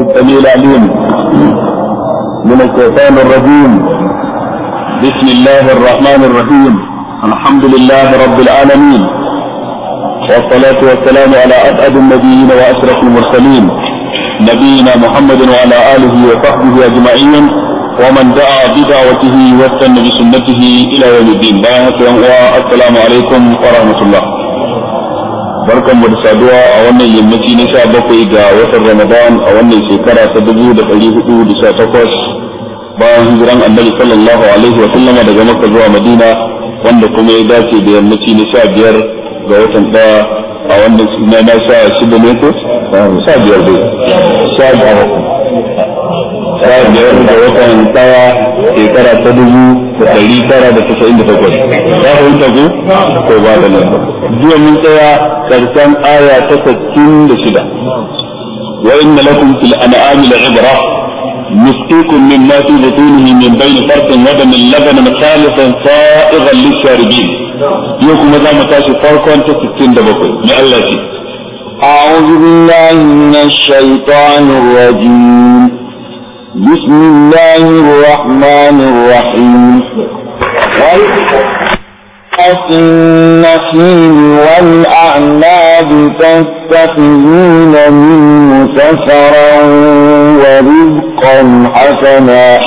السميع العليم من الشيطان الرجيم بسم الله الرحمن الرحيم الحمد لله رب العالمين والصلاة والسلام على أبعد النبيين وأشرف المرسلين نبينا محمد وعلى آله وصحبه أجمعين ومن دعا بدعوته واستنى بسنته إلى يوم الدين السلام عليكم ورحمة الله barkan mu da saduwa a wannan yammaci na sha bakwai ga watan ramadan a wannan shekara ta dubu da ɗari hudu da sha takwas bayan hijiran annabi sallallahu alaihi wa sallam daga makka zuwa madina wanda kuma ya dace da yammaci na sha biyar ga watan ɗaya a wannan na na sha shida ne ko sha biyar dai sha biyar ga watan ɗaya shekara ta dubu da ɗari tara da tasa'in da takwas ya fahimta ku ko ba da nan jiya mun tsaya karshen aya ta sittin da shida wa inna lakum fil an'ami la'ibra نسقيكم مما في بطونه من بين فرق ودم لبنا خالصا صائغا للشاربين يوكم ذا متاشي فرقا تستين دبقوا من الله أعوذ بالله من الشيطان الرجيم بسم الله الرحمن الرحيم النخيل والأعناب تتخذون منه سفرا ورزقا حسنا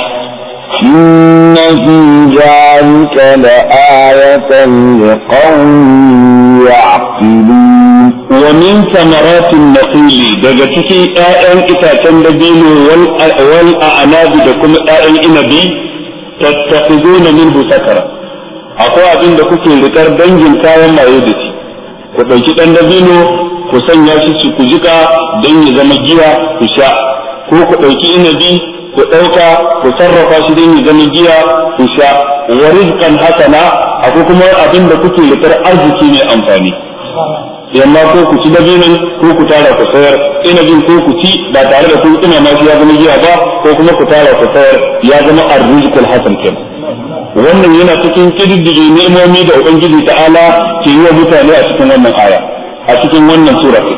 إن في ذلك لآية لقوم يعقلون wa min samaratin naqili daga cikin 'ya'yan itacen dabino wal wal a'nabi da kuma ƴaƴan inabi tattakhizuna minhu sakara akwai abin da kuke rikar dangin kayan maye da shi ku ɗauki ɗan dabino ku sanya shi ku jika don ya zama giya ku sha ko ku ɗauki inabi ku ɗauka ku sarrafa shi don ya zama giya ku sha wa rizqan hasana akwai kuma abin da kuke rikar arziki mai amfani yamma ko ku ci dabinin ko ku tara ku sayar inabin ko ku ci ba tare da kun ina ma ya zama giya ba ko kuma ku tara ku sayar ya zama arzikul hasan kenan wannan yana cikin kididdige nemomi da ubangiji ta'ala ke yi wa mutane a cikin wannan aya a cikin wannan sura ce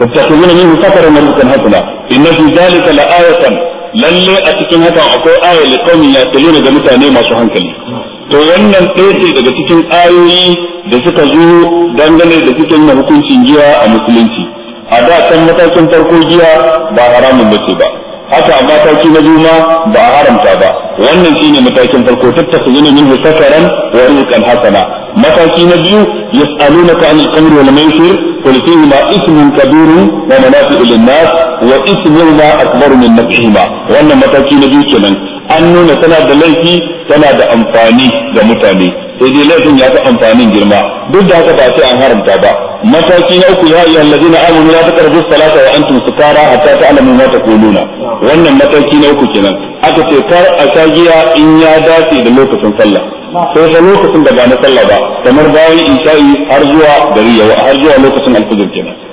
tattakuna min sakaran rizqan hasana inna fi zalika la'ayatan lalle a cikin hakan akwai aya liqaumin yaqiluna ga mutane masu hankali to wannan ɗaya ce daga cikin ayoyi da suka zo dangane da cikin na hukuncin giya a musulunci a da kan matakin farko giya ba haramun bace ba haka a mataki na biyu ma ba a haramta ba wannan shine matakin farko tattafa yana min sakaran wa rizqan hasana mataki na biyu yas'alunaka anil khamri wal maisir qul ma ithmun kabirun wa manafi'u lin-nas wa ma akbaru min naf'ihima wannan mataki na biyu kenan an nuna tana da laifi tana da amfani ga mutane sai dai laifin ya fi amfanin girma duk da haka ba sai an haramta ba mataki na uku ya ayyuhal ladina amanu la taqrabu salata wa antum sukara hatta ta'lamu ma taquluna wannan mataki na uku kenan aka ce kar a sagiya in ya dace da lokacin sallah sai da lokacin da ba na sallah ba kamar bayan isha'i har zuwa gari yawa har zuwa lokacin alfajir kenan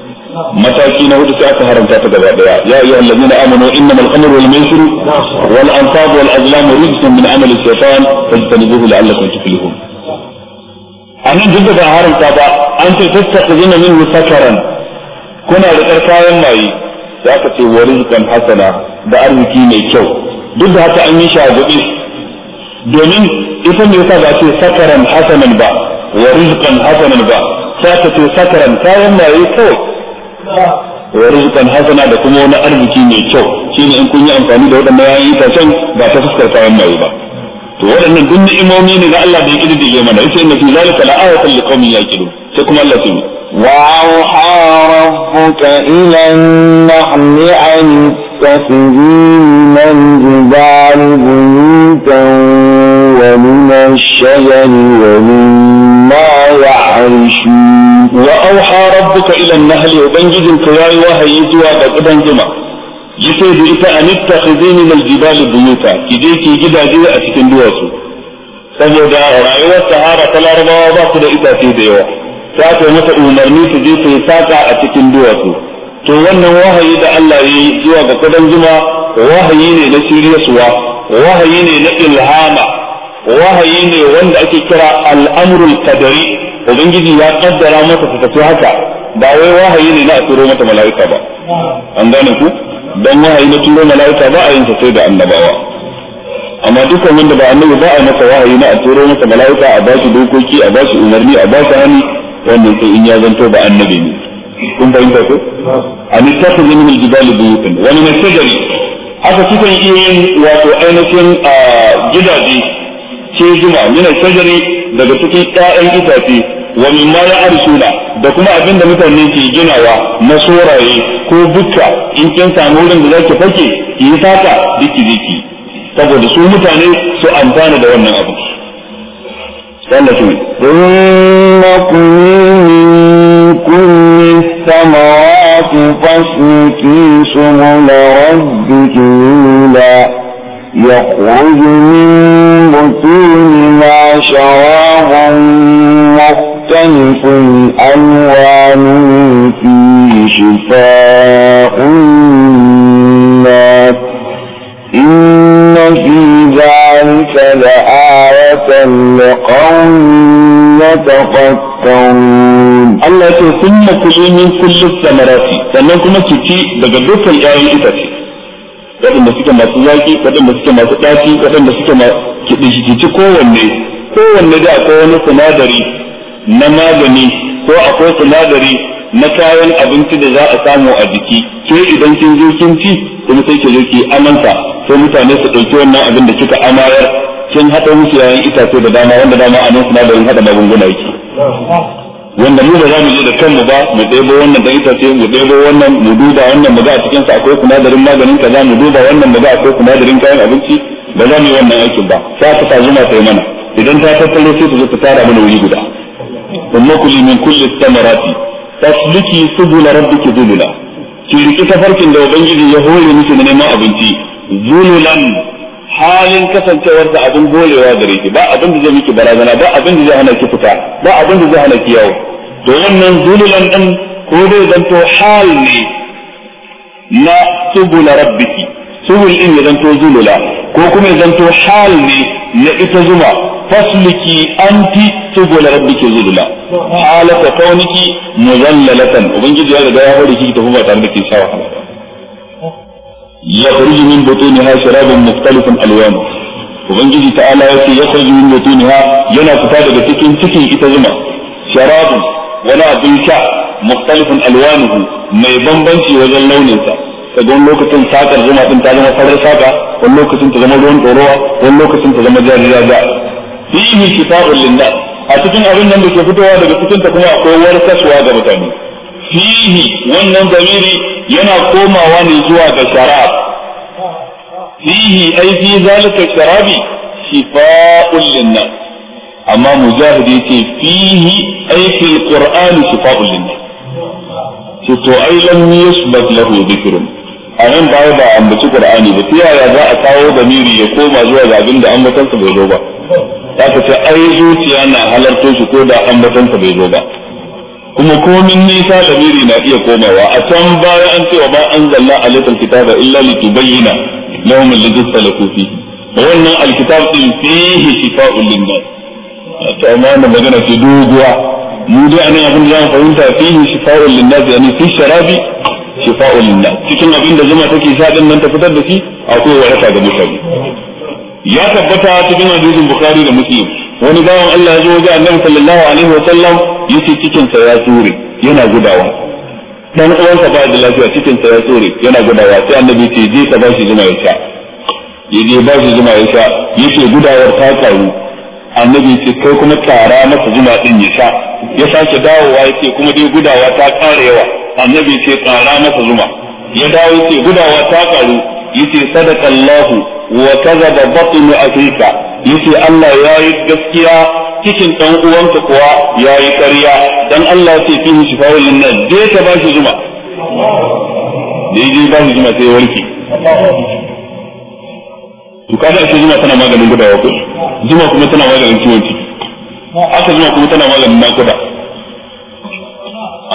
mataki na hudu sai aka haramta ta gaba daya ya ayyuhal allazina amanu innama al khamru wal maisir wal ansab wal azlam rijsun min amali shaytan fajtanibuhu la'allakum tuflihun anan duk da haramta ba an ce tattaqizuna min sakaran kuna da kayan mai za ka ce wa rizqan hasana da arziki mai kyau duk da haka an yi shagudi domin ita ne yasa za ce sakaran hasanan ba wa rizqan hasanan ba sai ta ce sakaran kayan mai kyau wa rizqan hasana da kuma wani arziki mai kyau shine in kun yi amfani da waɗannan yayin itacen ba ta fuskar kayan maye ba to waɗannan duk ni'imomi ne na Allah da ya kididdige mana yace inna fi zalika la'ayatan liqaumin yaqilun sai kuma Allah ya وأوحى ربك إلى النحل أن اتخذي من الجبال بيوتا ومن الشجر ومن rabbuka ila an-nahl ubangijinka yayi wahayi zuwa ga gidan juma yace da ita anittakhidhi min al-jibali buyuta kije ki gidaje a cikin duwatsu saboda rayuwar sahara ta larabawa ba su da itace da yawa ta ce mata umarni su je su saka a cikin duwatsu to wannan wahayi da Allah ya yi zuwa ga kudan juma wahayi ne na shiryarwa wahayi ne na ilhama wahayi ne wanda ake kira al'amrul kadari ubangiji ya kaddara mata ta tafi haka ba wai wahayi ne na a turo mata mala'ika ba an gane ku dan wahayi na turo mala'ika ba a yin sa sai da annabawa amma dukkan wanda ba annabi ba a masa wahayi na a turo mata mala'ika a ba dokoki a ba umarni a ba shi hani wannan sai in ya zanto ba annabi ne kun fahimta ko an takhudhu min al-jibali buyutan wa min al-shajari haka sukan iya yin wato ainihin ah, gidaje ce juma min al-shajari daga cikin ƴaƴan itace wa mimma ya arsula da kuma abinda mutane ke ginawa na soraye ko bukka in kin samu wurin da zaki fake ki yi saka diki diki saboda su mutane su amfana da wannan abu sallallahu alaihi السماوات فاسلكي ya ربك ذولا يخرج من بطونها شراب مختلف مختلف ألوانه فيه شفاء الناس إن في ذلك لآية لقوم يتفكرون الله ثم كلوا من كل الثمرات sannan kuma ki ci daga dukkan ƴaƴan itace waɗanda suke masu zaƙi waɗanda suke masu ɗaci waɗanda suke ki ci kowanne kowanne da akwai wani sinadari na magani ko akwai sinadari na kayan abinci da za a samu a jiki ke idan kin je kin ci kuma sai ki je ki amanta sai mutane su ɗauki wannan abin da kika amayar kin haɗa musu yayin itace da dama wanda dama a nan sinadarin haɗa magunguna yake wanda mu ba za mu je da kanmu ba mu ɗebo wannan da itace mu ɗebo wannan mu duba wannan mu ga a cikin sa akwai sinadarin maganin kaza mu duba wannan mu ga akwai sinadarin kayan abinci ba za mu yi wannan aikin ba sai ta zuma ta yi mana idan ta tattalo sai ta zo ta tara mana wuri guda innakuli min kulli samarati tasliki la rabbiki zulula ki riki tafarkin da ubangiji ya hore miki na neman abinci zululan halin kasancewarsa abin gorewa gare ki ba abin da zai miki barazana ba abin da zai hana ki fita ba abin da zai hana ki yawo to wannan zululan din ko dai zanto hal ne na subula rabbiki subul ya zulula ko kuma ya hal ne na ita zuma fasliki anti tubul rabbiki zulula halata kauniki muzallalatan ubangiji ya riga ya hore ki tafi ba tare da kin sha wahala yakhruju min butuniha sharabun mukhtalifun alwan ubangiji ta'ala yace yakhruju min butuniha yana fita daga cikin cikin ita zuma sharabun wani abin sha mukhtalifun alwanuhu mai bambanci wajen launinsa kaga wani lokacin sakar zuma din ta zama farar saka wani lokacin ta zama ruwan ɗorowa wani lokacin ta zama jariya fihi shifa'un linnas a cikin abin nan da ke fitowa daga cikin ta kuma akwai kasuwa ga mutane fihi wannan zamiri yana komawa ne zuwa ga sharab fihi ai fi zalika sharabi shifa'un linnas amma mujahid yace fihi ai fil qur'ani shifa'un linnas to to ai lam yusbat lahu dhikrun a nan baya ba ambaci qur'ani ba ta yaya za a kawo zamiri ya koma zuwa ga abin da ambatansa bai zo ba ka ce ai zuciya na halarto shi ko da ambaton ka bai zo ba kuma komin nisa da lamiri na iya komawa a can baya an cewa ba an zalla a alaikal kitaba illa litubayyana lahum alladhi salaku fi wannan alkitab din fihi shifa'un linnas to amma wannan magana ce doguwa mu dai anan abin da zamu fahimta fihi shifa'un linnas yani fi sharabi shifa'un linnas cikin abin da zuma take sha din nan ta fitar da shi akwai waraka ga mutane ya tabbata cikin hadisin bukhari da muslim wani bawan Allah ya zo ga annabi sallallahu alaihi wa sallam yace cikin sa ya ture yana gudawa dan uwansa ba da lafiya cikin sa ya ture yana gudawa sai annabi ce je ka ba shi zuma ya sha ya je ba shi zuma ya sha yace gudawar ta karu annabi ce kai kuma tara masa zuma din ya sha ya sake dawowa yace kuma dai gudawa ta karewa annabi ce tsara masa zuma ya dawo yace gudawa ta karu yace sadaqallahu wa kazaba batnu akika yace Allah yayi gaskiya cikin dan uwanka kuwa yayi ƙarya dan Allah ya ce fihi shifa'un linnas dai ka ba shi juma. dai dai ba shi juma sai warki to kaga shi juma tana maganin gudawa ko juma kuma tana maganin ciwon ciki aka juma kuma tana maganin nakuda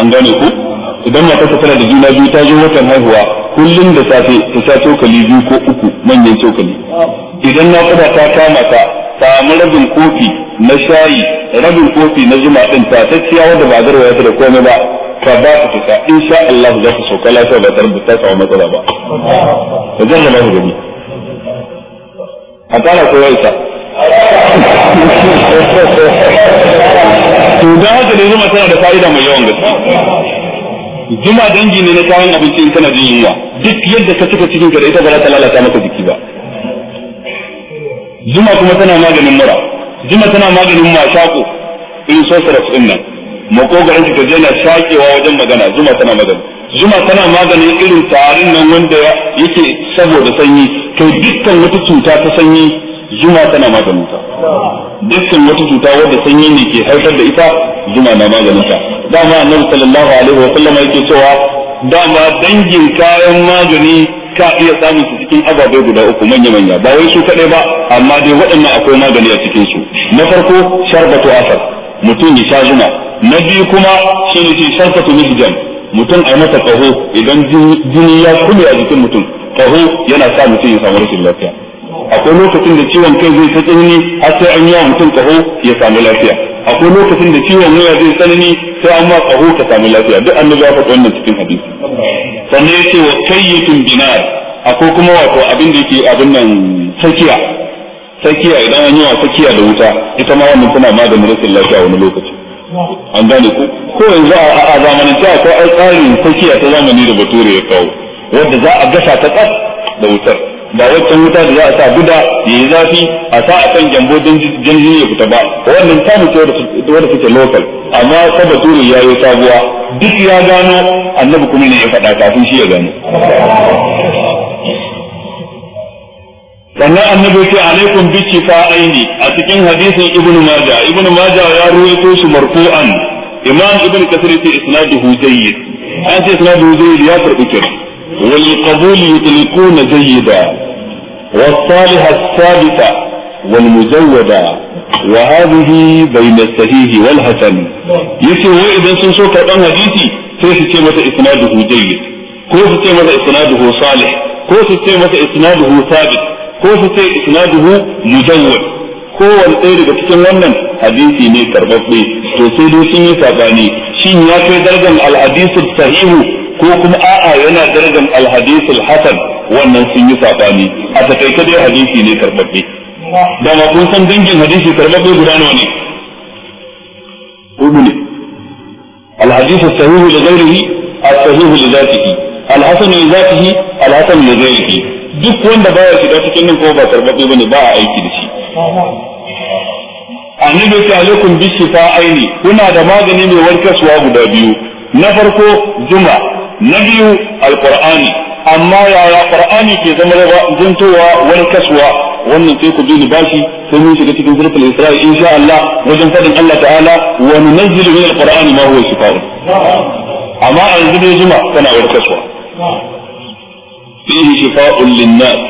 an gane ku idan matarsa tana da juna biyu ta zo watan haihuwa kullum da safe ta sa cokali biyu ko uku manyan cokali idan na kuma ta kama ta samu rabin kofi na shayi rabin kofi na zuma din ta ciya wanda ba garwa ta da komai ba ka ba ta fita insha Allah za ta sauka lafiya ba tare da ta samu matsala ba ka zama ma gani a kala ko ta to da haka ne zuma tana da fa'ida mai yawan gaske zuma dangi ne na kayan abinci in kana jin yunwa duk yadda ka cika cikin ka da ita ba za ta lalata maka jiki ba zuma kuma tana maganin mura zuma tana maganin mashako in so sarrafa din nan makogarin ka je na shakewa wajen magana zuma tana magani zuma tana maganin irin tarin nan wanda yake saboda sanyi kai dukkan wata cuta ta sanyi zuma tana maganin ta dukkan wata cuta wadda sanyi ne ke haifar da ita zuma na maganin ta dama annabi sallallahu alaihi wa sallam yake cewa dama dangin kayan magani ka iya samun su cikin ababe guda uku manya manya ba wai su kadai ba amma dai waɗannan akwai magani a cikin su na farko sharbatu asar mutum ya sha zuma na biyu kuma shine shi sharbatu mihjan mutum a masa kaho idan jini ya kulle a jikin mutum kaho yana sa mutum ya samu rashin lafiya akwai lokacin da ciwon kai zai ta tsanani har sai an yi wa mutum kaho ya samu lafiya akwai lokacin da ciwon wuya zai tsanani sai an ma kaho ka samu lafiya duk annabi ya faɗi wannan cikin hadisi sannan yace wa kayyitun binar akwai kuma wato abin da yake abin nan tsakiya tsakiya idan an yi wa tsakiya da wuta ita ma wannan tana ma da rashin lafiya wani lokaci an gane ku ko yanzu a zamanance akwai tsarin tsakiya ta zamani da bature ya kawo wadda za a gasa ta tsaf da wutar ba wancan wuta da za a sa guda ya yi zafi a sa a kan gyambo don jini ya fita ba wannan ta ce wadda suke lokal amma saba turu ya yi sabuwa duk ya gano annabi kuma ne ya faɗa kafin shi ya gano sannan annabi ce alaikum bi aini a cikin hadisin ibnu majah ibnu majah ya ruwaito shi marfu'an imam ibnu kasir ce isnaduhu jayyid an ce isnaduhu jayyid ya karbi kira wal zai yi da. والصالحة الثالثة والمزودة وهذه بين الصحيح والحسن يسي هو إذا سنسو كأن حديثي سيسي كلمة إسناده جيد كو كلمة إسناده صالح كو كلمة إسناده ثابت كو إسناده مزود kowane ɗaya daga cikin wannan hadisi ne karɓaɓɓe to sai dai sun yi sabani shin ya kai darajar alhadisul sahihu ko kuma a'a yana darajar alhadisul hassan wannan sun yi sabani a takaice dai hadisi ne karbabbe da ma kun san dangin hadisi karbabbe guda nawa ne Al hudu ne الحديث Al لغيره الصحيح لذاته Al لذاته الحسن لغيره duk wanda baya shiga cikin nan kuma ba karbabbe bane ba a aiki da shi annabi ya ce alaikum bi aini. kuna da magani mai warkaswa guda biyu na farko zuma na biyu alqur'ani amma yaya qur'ani ke zama da zantowa wani kasuwa wannan sai ku bi bashi sai mun shiga cikin zurfin isra'i insha Allah wajen fadin Allah ta'ala wa nunzilu min alqur'ani ma huwa shifaa'un amma a yanzu juma kana wani kasuwa fihi shifaa'un lin-nas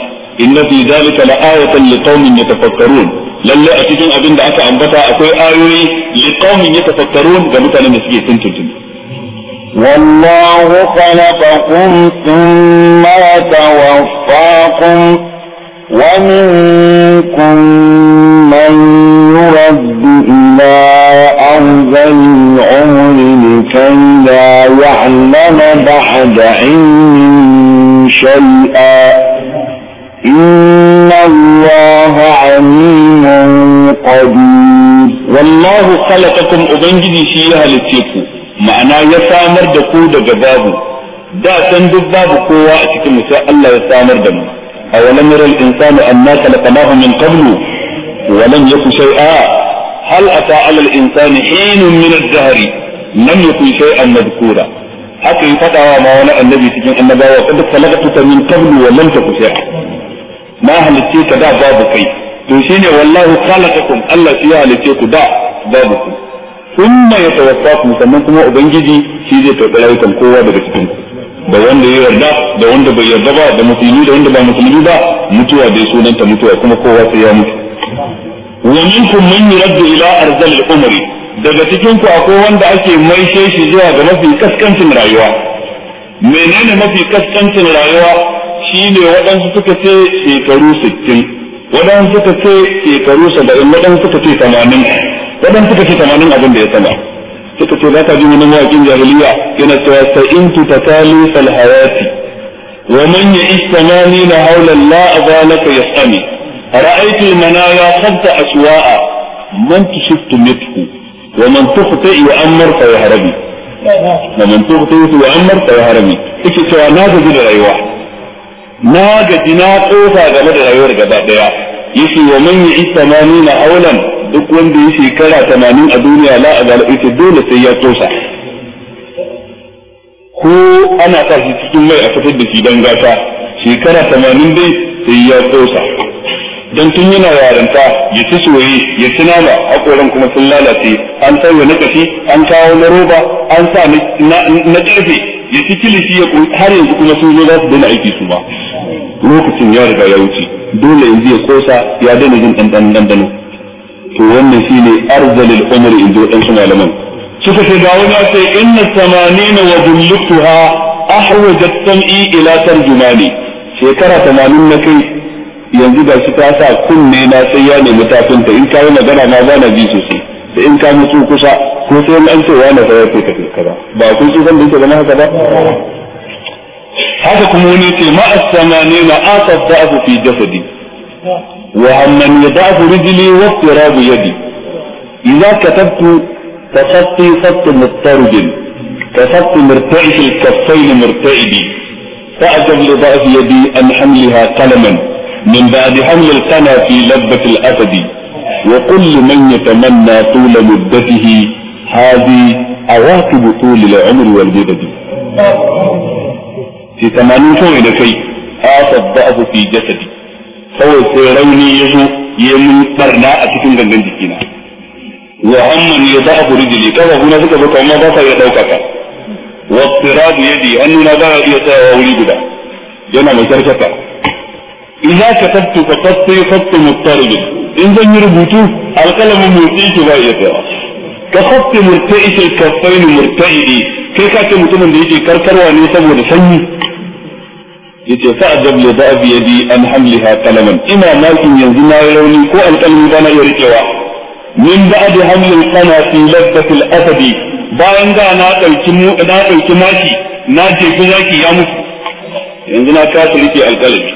inna fi dhalika la'ayatan liqaumin yatafakkarun lalle a cikin abin da aka ambata akwai ayoyi liqaumin yatafakkarun ga mutanen da suke tuntuntun والله خلقكم ثم توفاكم ومنكم من يرد إلى أرض العمر لكي لا يعلم بعد علم شيئا إن الله عليم قدير والله خلقكم أبنجدي فيها لتيكو ma'ana ya samar da ku daga babu da san duk babu kowa a cikin mu sai Allah ya samar da mu a awalam yaral insanu anna khalaqnahu min qablu wa lam yaku shay'a hal ata 'ala al-insani hinun min ad-dahr lam yakun shay'an madhkura haka yi fadawa ma wani annabi cikin annabawa kad khalaqtuka min qablu wa lam taku shay'a ma halitta ka da babu kai to shine wallahu khalaqakum Allah shi ya halitta ku da babu ku thumma yatawaffakum sannan kuma ubangiji shi zai karɓi rayukan kowa daga cikin da wanda ya yarda da wanda bai yarda ba da musulmi da wanda ba musulmi ba mutuwa dai sunanta mutuwa kuma kowa sai ya mutu wa minkum man yuraddu ila arzal al-umri daga cikin ku akwai wanda ake maishe shi zuwa ga mafi kaskancin rayuwa menene mafi kaskancin rayuwa shine waɗansu suka ce shekaru 60 waɗansu suka ce shekaru 70 waɗansu suka ce 80 wadan kuka ce tamanin abin da ya sama Kuka ce za ka ji wani mawaƙin jahiliya yana cewa sa'intu takali fal hayati wa man ya'ish tamanina hawla la azalaka yasami ra'aytu manaya khadda aswa'a man tushiftu mithu wa man tukhti wa amr fa yahrabi wa man tukhti wa amr fa yahrabi yake cewa na gaji da rayuwa na gaji na kofa game da rayuwar gaba daya yake wa man ya'ish tamanina hawlan duk wanda ya shekara tamanin a duniya la a galabi ce dole sai ya tosa ko ana sa shi cikin mai a fitar da shi dan gata shekara tamanin dai sai ya tosa Don tun yana yaranta ya ci soye ya ci nama hakoran kuma sun lalace an sauya na kashi an kawo na roba an sa na ƙarfe ya ci kilishi ya har yanzu kuma sun zo za su daina aiki su ba lokacin ya riga ya wuce dole yanzu ya kosa ya daina jin ɗanɗano to wannan shine arzalil umri in ji dan malaman suka ce ga na ce inna samanina wa dulluktuha ahwajat sam'i ila ne. shekara tamanin na kai yanzu ga shi ta sa kunne na sai ya nemi tafinta in kayi magana na bana bi sosai da in ka mutu kusa ko sai an ce wani sai ya ce kaza ba kun ci san da yake haka ba haka kuma wani ce ma'a samanina asaf ta'afu fi jasadi وعمن يضعف رجلي واضطراب يدي إذا كتبت كخطي خط مضطرب كخط مرتعش الكفين مرتعدي فأجب لضعف يدي أن حملها قلما من بعد حمل القنا في لبة الأسد وكل من يتمنى طول مدته هذه عواقب طول العمر والجدد في ثمانين فوق لكي آتى الضعف في جسدي kawai sai rauni ya zo ya mun barna a cikin gangan jikina wa amman ya da abu rijili kafa kuna suka zo kuma ba sa ya dauka wa sirad yadi annuna ba iya tsayawa wuri guda yana mai karkata idza katabtu fa qatti khatti muttarib in zan yi rubutu alqalamin motsi ki ba iya tsayawa ka khatti murta'i kaffain murta'i kai ka ce mutumin da yake karkarwa ne saboda sanyi yace fa ajab li da'ab yadi an hamliha qalaman ina makin yanzu na rauni ko alƙalmi ba na iya rikewa min ba'd hamlil qana fi labdatil asadi bayan ga na dauki mu na dauki maki na je zaki ya mutu yanzu na kasa rike alƙalmi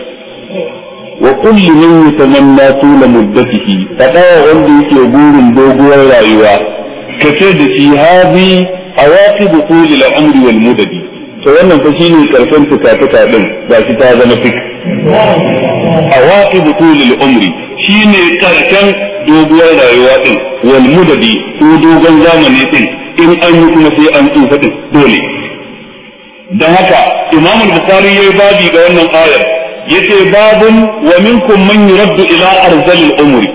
wa kulli min yatamanna tula muddatihi fadawa wanda yake burin doguwar rayuwa kace da shi hadi awaqib tulil umri wal mudad to wannan fa shine karshen tuka-tuka din ba shi ta zama fik A awaqib tulil umri shine karshen doguwar rayuwa din wal mudadi ko dogon zamani din in an yi kuma sai an tsufa din dole dan haka imam al-bukhari yayi babi ga wannan ayar yace babun wa minkum man yuraddu ila arzalil umri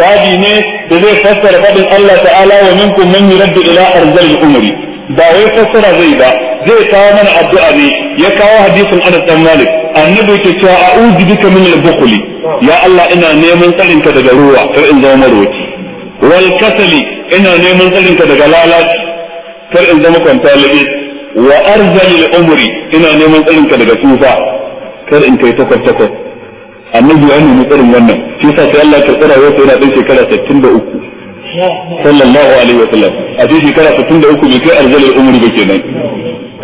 babi ne da zai fassara fadin Allah ta'ala wa minkum man yuraddu ila arzalil umri ba wai fassara zai ba zai kawo mana addu'a ne ya kawo hadisin Anas dan Malik annabi ke cewa a'udhu bika min al-bukhli ya Allah ina neman tsarin ka daga ruwa kar in zama marwaci wal kasali ina neman tsarin ka daga lalaci kar in zama kwantalabi wa arzalil umri ina neman tsarin ka daga tufa kar in kai takwas takwas annabi ya nemi tsarin wannan shi sa sai Allah ya karɓa rayuwarsa yana ɗan shekara 63 sallallahu alaihi wa sallam a tun da uku bai kai arzalar umri ba kenan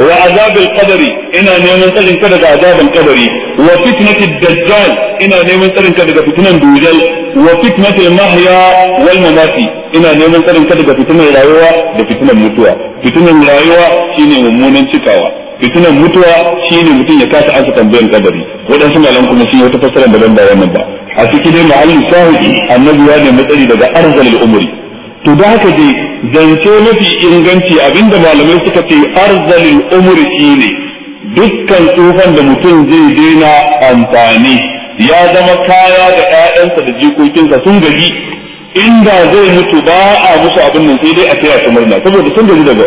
wa azabil qadari ina neman tsarin ka daga azabil qadari wa fitnati dajjal ina neman tsarin ka daga fitnan dujal wa fitnati mahya wal mamati ina neman tsarin ka daga fitnan rayuwa da fitnan mutuwa fitnan rayuwa shine mummunan cikawa fitinan mutuwa shine mutum ya kasa ansa tambayan kabari waɗansu malam kuma sun yi wata fassara daban ba a cikin dai ma'allin shahidi annabi ya nemi tsari daga arzalil umri to da haka dai zance mafi inganci abinda malamai suka ce arzalin shi ne dukkan tsufan da mutum zai daina amfani ya zama kaya da ƴaƴansa da jikokinsa sun gaji inda zai mutu ba a musu abin nan sai dai a taya kamar na saboda sun gaji daga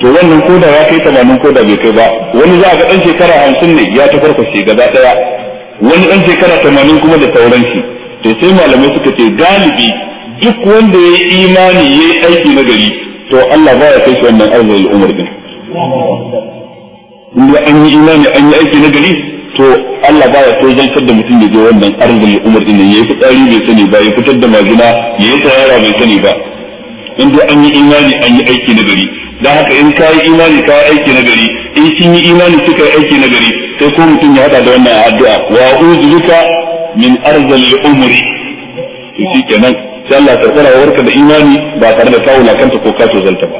to wannan koda ya kai tamanin koda bai kai ba wani za a ga ɗan shekara hamsin ne ya ta farfashe gaba ɗaya wani ɗan shekara tamanin kuma da sauran shi to sai malamai suka ce galibi duk wanda ya imani ya yi aiki na gari to Allah kai shi wannan inda an yi imani an yi aiki na gari to Allah da mutum wannan ya yi fitsari sani ba ya fitar da majina ya yi tsayara sani ba inda an yi imani an yi aiki na gari haka in ka yi imani ka yi aiki na gari in sun yi imani suka yi aiki na gari sai ko mutum ya hada da wannan addu'a wa uzuka min arzul umri to shikenan sai Allah ta tsara warka da imani ba tare da kawuna kanta ko kato zalta ba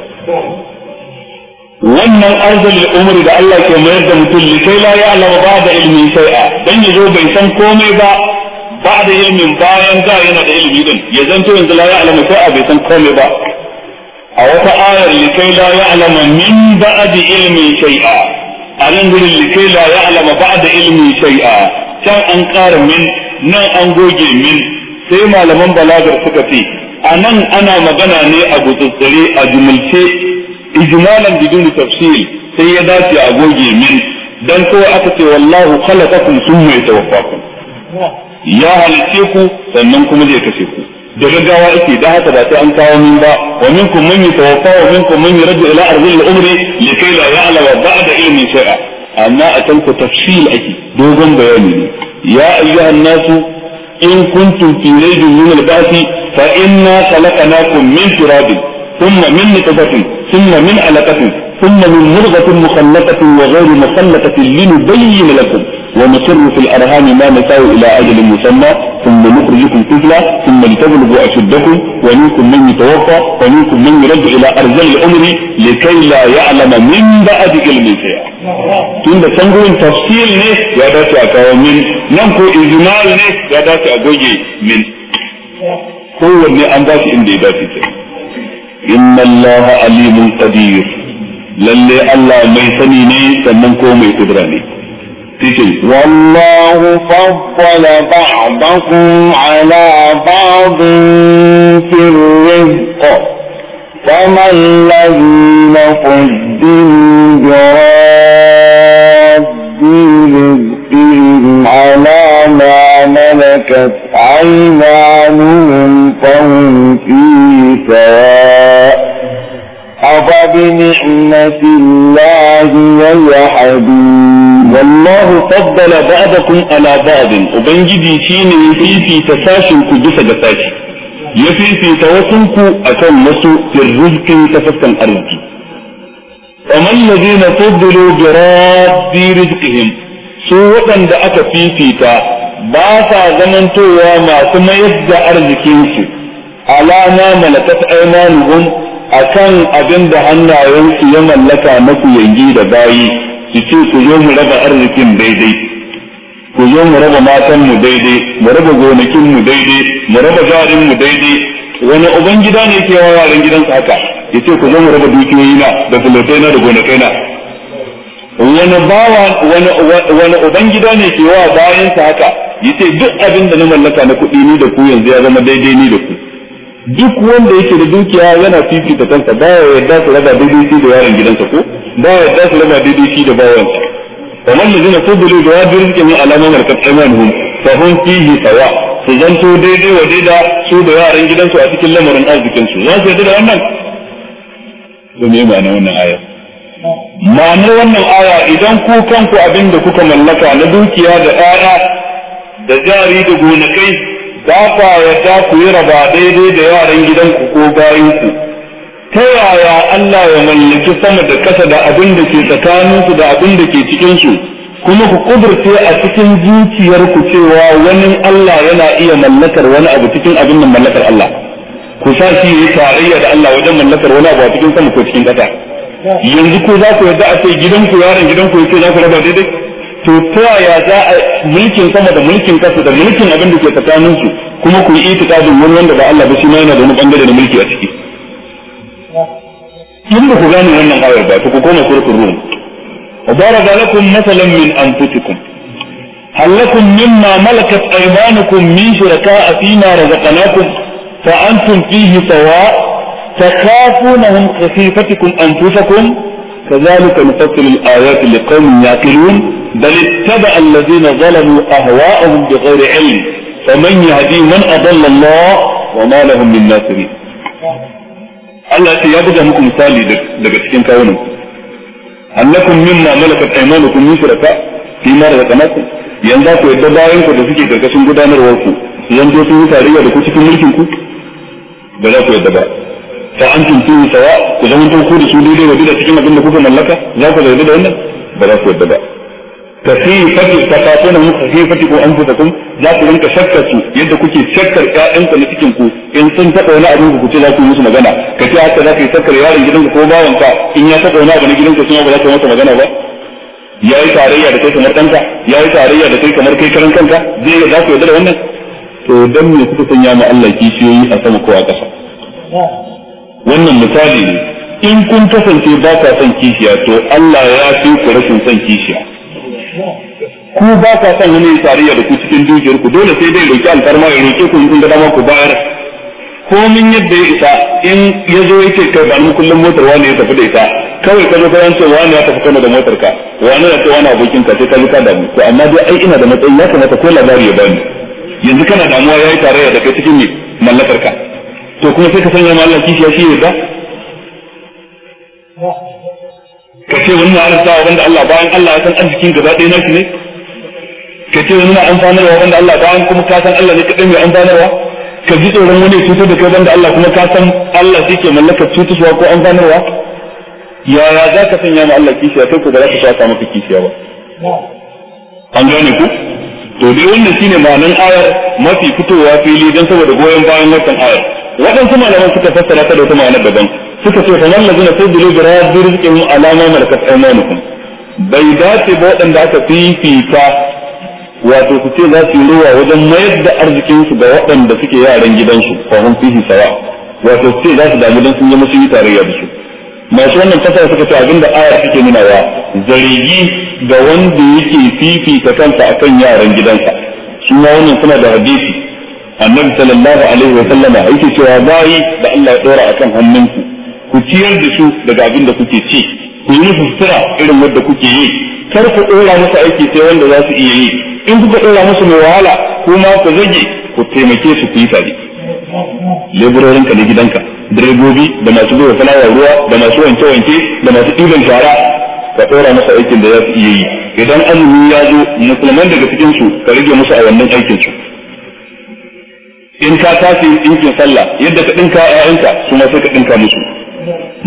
wannan arzalin umri da Allah ke mayar da mutum likai la ya alama ba da ilmi sai'a dan ya zo bai san komai ba ba da ilimin bayan da yana da ilmi din ya zanto yanzu la ya alama sai'a bai san komai ba a wata ayar likai la ya alama min ba'di ilmi sai'a a nan gurin likai la ya alama ba da ilmi sai'a can an ƙara min nan an goge min sai malaman balagar suka ce a nan ana magana ne a gutsutsure a jumulce ijmalan biduni tafsir. sai ya dace a goge min dan kawai aka ce wallahu khalaqakum thumma yatawaffakum ya halice ku sannan kuma zai kashe ku da gaggawa yake da haka ba sai an kawo min ba wa minkum man yatawaffa wa minkum man yurdu ila arzil umri likai la ya'lamu ba'da ilmin shay'a amma a can ku tafsil ake dogon bayani ne ya ayyuhan nasu إن كنتم في ريب من البعث فإنا خلقناكم من تراب ثم من نطفة ثم من علقة ثم من مرغة مخلقة وغير مخلقة لنبين لكم ونصر في الأرهام ما نساو إلى أجل مسمى ثم نخرجكم طفلة ثم لتبلغوا أشدكم ومنكم من يتوفى ومنكم من يرد إلى أرجاء عمري لكي لا يعلم من بعد علم شيئا. تون ده سنقول تفصيل نيس يا داتي أكاو من ننكو إجمال نيس يا داتي أدوجي من هو اللي أنداتي إندي داتي إن الله عليم قدير للي الله ميسني ني سننكو ميقدراني تيجي والله فضل بعضكم على بعض في الرزق فما الذين فضلوا برد رزقهم على ما ملكت عيمانهم فهم فيه سواء أفبنعمة الله يجحدون wallahu faddala ba'dakum ala ba'd ubangiji shine ya fifita sashin ku bisa ga sashi ya fifita wasun ku akan wasu firrizqin ta fuskan arziki amma alladhina faddalu bi raddi rizqihim su waɗanda aka fifita ba sa zamantowa masu mayar da arzikinsu ala ma malakat aymanuhum akan abin da hannayensu ya mallaka maku yangi da bayi su ce ku zo mu raba arzikin daidai ku zo mu raba matan mu daidai mu raba gonakin mu daidai mu raba jarin mu daidai wani uban gida ne ke wa yaran gidansa haka yace ce ku zo mu raba dukiyoyi na da fulotai na da gonakai na wani bawa wani uban gida ne ke wa bayansa haka ya ce duk abin da na mallaka na kuɗi ni da ku yanzu ya zama daidai ni da ku duk wanda yake da dukiya yana fifita kansa ya yarda su raba daidai da yaran gidansa ko ba ya da su raba daidai shi da bawan wa man lazina qubulu bi wadi rizqin min alama markat aymanuhum fa hum fihi sawa su zanto daidai wa daida su da yaran gidansu a cikin lamarin arzikin su za su yadda da wannan to me ma'ana wannan aya ma'anar wannan aya idan ku kanku abin da kuka mallaka na dukiya da ƴaƴa da jari da gonakai ba kwa yarda ku yi raba daidai da yaran gidanku ko bayanku ta yaya Allah ya mallaki sama da ƙasa da abin da ke tsakaninsu da abin da ke cikinsu kuma ku kudurce a cikin zuciyarku cewa wani Allah yana iya mallakar wani abu cikin abin da mallakar Allah ku sa shi yi tarayya da Allah wajen mallakar wani abu a cikin sama ko cikin ƙasa? yanzu ko za ku yarda a ce gidanku yaron gidanku ya ce za ku raba daidai to ta yaya za a mulkin sama da mulkin ƙasa, da mulkin abin da ke tsakaninsu kuma ku yi itikadin wani wanda ba Allah ba shi ma yana da wani bangare da mulki a ciki in ku gane wannan ayar ba ku koma وضرب لكم مثلا من أنفسكم هل لكم مما ملكت أيمانكم من شركاء فيما رزقناكم فأنتم فيه سواء تخافونهم خفيفتكم أنفسكم كذلك نفصل الآيات لقوم يعقلون بل اتبع الذين ظلموا أهواءهم بغير علم فمن يهدي من أضل الله وما لهم من ناصرين Allah ya buga muku misali daga cikin kawunan annakum mimma malakat aymanukum min shuraka fi ma razaqnakum yanzu ku yadda bayan ku da suke karkashin gudanarwar ku yanzu sun yi tarayya da ku cikin mulkin ku ba za ku yadda ba fa antum tu sawa ku zama to ku da su daidai wa duka cikin abin da kuka mallaka za ku yadda da wannan ba za ku yadda ba kafifati takatuna min kafifati ku anfusakum za ku rinka shakkar su yadda kuke shakkar ƴaƴan ku na cikin ku in sun taɓa wani abin ku ce za ku yi musu magana ka ce haka za ka yi shakkar yaron gidanka ko bawanka in ya taɓa wani abu na gidanka kuma ba za ka yi masa magana ba ya yi tarayya da kai kamar ɗanka ya yi tarayya da kai kamar kai karan kanka zai za ku yarda da wannan to dan me kuka sanya ma Allah kishiyoyi a sama ko a ƙasa wannan misali ne in kun kasance ba ka son kishiya to Allah ya fi ku rashin son kishiya ku ba ka san wani tarayya da ku cikin dukiyar ku dole sai dai roki alfarma ya roke ku in ga dama ku bayar komin yadda ya isa in ya zo yake kai ba mu kullum motar wani ya tafi da ita kawai ka zo ka yanke wani ya tafi kano da motar ka wani ya ce wani abokin ka sai ka luka da mu to amma dai ai ina da matsayi ya kamata ko labari ya bani yanzu kana damuwa yayi tarayya da kai cikin mallakar ka to kuma sai ka sanya mallan kishiya shi da ka ce wani ya rasa wanda Allah bayan Allah ya san arzikin gaba ɗaya shi ne ka ce nuna amfanarwa wanda Allah bayan kuma ka san Allah ne kaɗai mai amfanarwa ka ji tsoron wani cutar da kai banda Allah kuma ka san Allah shi ke mallakar cutarwa ko amfanarwa yaya za ka sanya ma Allah kishiya kai ko ba za ka saka maka kishiya ba an gane ku to dai wannan shine ma'anan ayar mafi fitowa fili dan saboda goyon bayan wannan ayar waɗansu malaman suka fassara ta da wata ma'anar daban suka ce fa man lazina tudlu bi rabbi rizqihim alama malakat aymanukum bai dace ba waɗanda aka fifita wato su ce za su yi ruwa wajen mayar da arzikinsu ga waɗanda suke yaran gidansu fa hum fihi sawa wato su ce za su damu don sun yi musu yi tarayya da su masu wannan fasara suka ce abinda aya take nunawa zargi ga wanda yake fifita kansa akan yaran gidansa Su ma wannan suna da hadisi annabi sallallahu alaihi wa sallama yake cewa bayi da Allah ya dora akan hannunku ku ciyar da su daga abin da kuke ci ku yi musu sutura irin wadda kuke yi kar ku ɗora musu aiki sai wanda za su iya yi in kuka ɗora musu mai wahala kuma ku zage ku taimake su ku yi tare leburorin ka da gidanka direbobi da masu zuwa fulawa ruwa da masu wanke-wanke da masu ɗiban shara ka ɗora musu aikin da za su iya yi idan azumi ya zo musulman daga cikin su ka rage musu a wannan aikin su in ka tafi ɗinkin sallah yadda ka ɗinka ƴaƴanka su ma sai ka ɗinka musu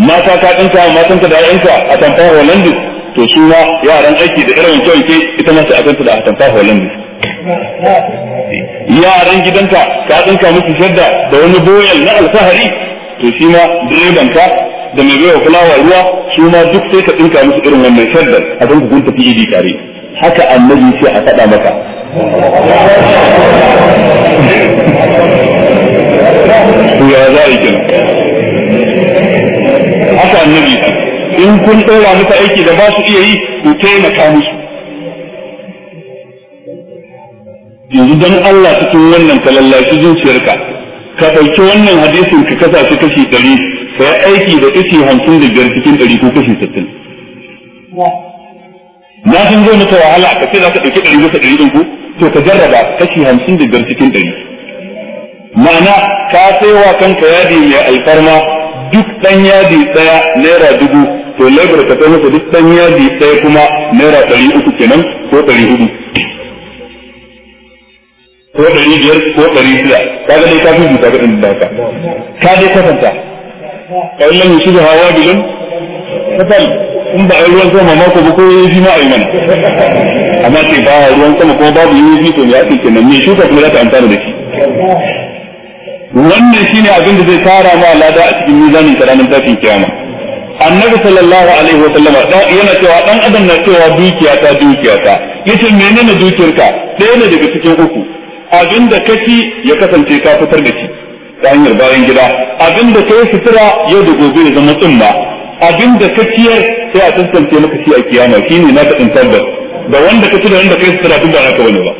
mata ka ɗinka matanka da ‘ya’yanka a tamfara wannan duk to shi ma yaran aiki da irin wanke wanke ita ma sai a kanta da a tamfa ne. yaran gidanka ka ɗinka musu shadda da wani boyal na alfahari to shi ma direban ka da mai baiwa fulawa ruwa su ma duk sai ka ɗinka musu irin wannan shadda a don ku gunta fiye tare haka annabi sai a faɗa maka ya za a yi kina. haka annabi in kun ɗora muka aiki da ba su iya yi ku taimaka musu yanzu don Allah cikin wannan ka lallashi zuciyarka ka ɗauki wannan hadisin ka kasa shi kashi ɗari ka yi aiki da kashi hamsin da biyar cikin ɗari ko kashi sittin. Na san zai mutu wahala ka ce za ka ɗauki ɗari bisa ɗari ɗin ku to ka jarraba kashi hamsin da biyar cikin ɗari. Ma'ana ka sai wa kanka yadi mai alfarma duk ɗan yadi ɗaya naira dubu to labar ka kai masa duk dan yadi ɗaya kuma naira ɗari uku kenan ko ɗari hudu ko ɗari biyar ko ɗari shida kaga dai ka fi ta ga ɗin da ka ka dai kwatanta kai lan shi da hawa gidan. kafal in ba ai ruwan sama mako ba ko yi shi ma a mana amma sai ba ruwan sama kuma babu yi shi to ya ake kenan me shuka kuma za ta amfana da shi wannan shine abin da zai tara ma lada a cikin mizanin karamin tafin kiyama annabi sallallahu alaihi wa sallama yana cewa dan adam na cewa dukiya ta dukiya ta yace menene dukiyarka ɗaya ne daga cikin uku abinda kaci ya kasance ka fitar da shi ta hanyar bayan gida abinda kai sutura yau da gobe ya zama tsumma abinda ka ciyar sai a tantance maka shi a kiyama shine na ta tantar da wanda ka ci da wanda kai sutura duk ba haka bane ba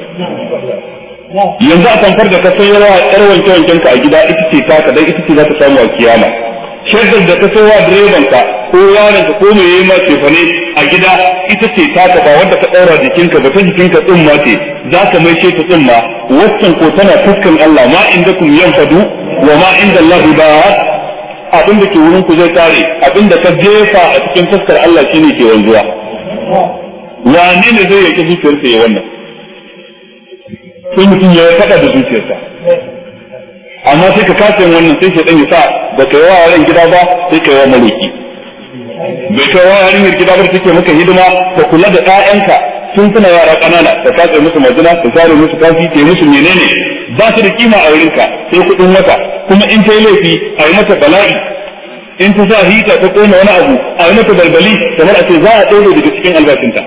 yanzu a tamfar da ka yawa yar wanke wanken a gida ita ce ta kadai ita ce za ta samu a kiyama shaddar da ka sowa direban ka ko yaron ka ko mai ma tefane a gida ita ce taka ba wanda ka daura jikinka ba ta jikinka din ma ce za ka mai ce ta din ma waccan ko tana fuskan Allah ma inda indakum yanfadu wa ma inda Allah ba abin da ke wurin ku zai kare abin da ka jefa a cikin fuskar Allah shine ke wanzuwa wane ne zai yake zuciyarsa ya wannan sai mutum ya faɗa da zuciyarsa amma sai ka kace wannan sai dan ya sa da ka yawa yaren gida ba sai ka yawa maliki bai ka yawa yarinyar gida ba take maka hidima ka kula da ƴaƴanka sun tuna yara ƙanana ka kasa musu majina ka sare musu kafi ke musu menene ba su da kima a wurinka sai kuɗin wata kuma in ta yi laifi a yi mata bala'i in ta sa hita ta kona wani abu a yi mata balbali kamar a ce za a ɗaure daga cikin albashinta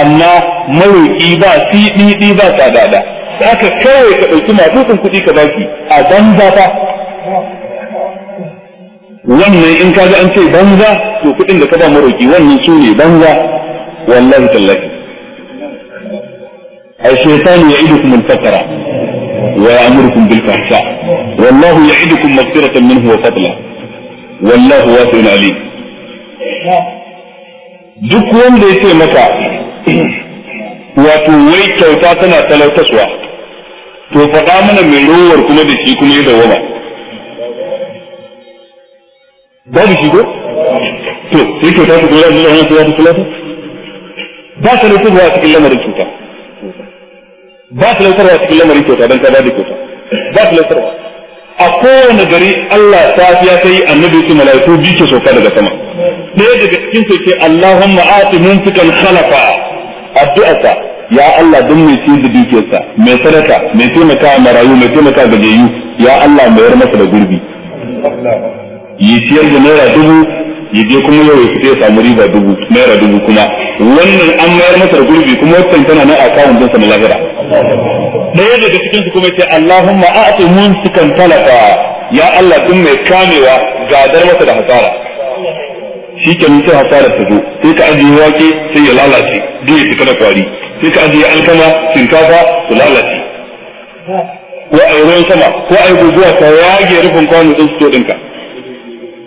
amma maroƙi ba siɗiɗi ba tsadada aka kawai ka ɗauki masu kuɗi ka baki a banza fa wannan in kaga an ce banza to kuɗin da ka ba maroki wannan su ne banza wallahi tallafi ai shaytan idu kuma fakara wa ya amuru kuma bil fahsha wallahu kuma maghfiratan minhu wa fadla wallahu wasi'un ali duk wanda ya ce maka wato wai kyauta tana talautaswa to faɗa mana mai rowar kuma da shi kuma ya dawama babu shi ko to sai kyauta ta ne zuwa wani salatu salatu ba ta lautarwa a cikin lamarin kyauta ba ta lautarwa a cikin lamarin kyauta don ta ba da kyauta ba ta lautarwa a kowane gari Allah safiya ta yi annabi su mala'iku biyu ke sauka daga sama ɗaya daga cikin sai ke Allahumma ati mun mumfikan khalafa addu'arsa ya Allah duk mai ciyar da sa mai sadaka mai taimaka marayu mai taimaka gajeyu ya Allah mayar masa da gurbi yi ciyar da naira dubu ya je kuma yau ya fita ya samu riba dubu naira dubu kuma wannan an mayar masa da gurbi kuma wannan tana na akawun kawun dinsa na lahira ɗaya daga cikin su kuma ce Allahumma a'ti munsikan talaka ya Allah duk mai kamewa gadar masa da hasara shi ke sai hasarar ta zo sai ka ajiye wake sai ya lalace duk ya fita da kwari sai ka ajiye alkama shinkafa su lalace ko a ruwan sama ko a yi guguwa ta yage rufin kwano din su dinka.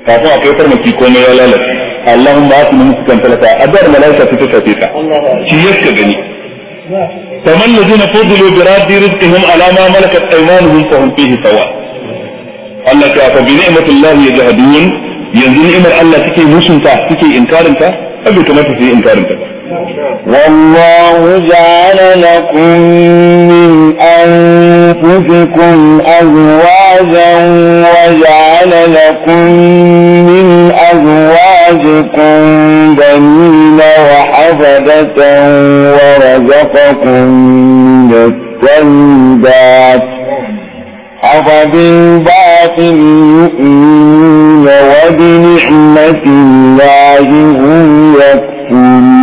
kafin a kai farmaki komai ya lalace Allahumma asmi musukan talaka addu'ar malaika ta tafi ta shi yadda gani na فمن الذين فضلوا براد رزقهم alama ما ملكت ايمانهم فهم فيه سواء Allah ta fa bi ni'matillahi yajhadun yanzu ni'imar Allah kike musunta kike inkarinta abin kamata su yi inkarinta ba والله جعل لكم من أنفسكم أزواجا وجعل لكم من أزواجكم بنين وحفدة ورزقكم حفظ أفبالباطل يؤمن وبنعمة الله هم يكفرون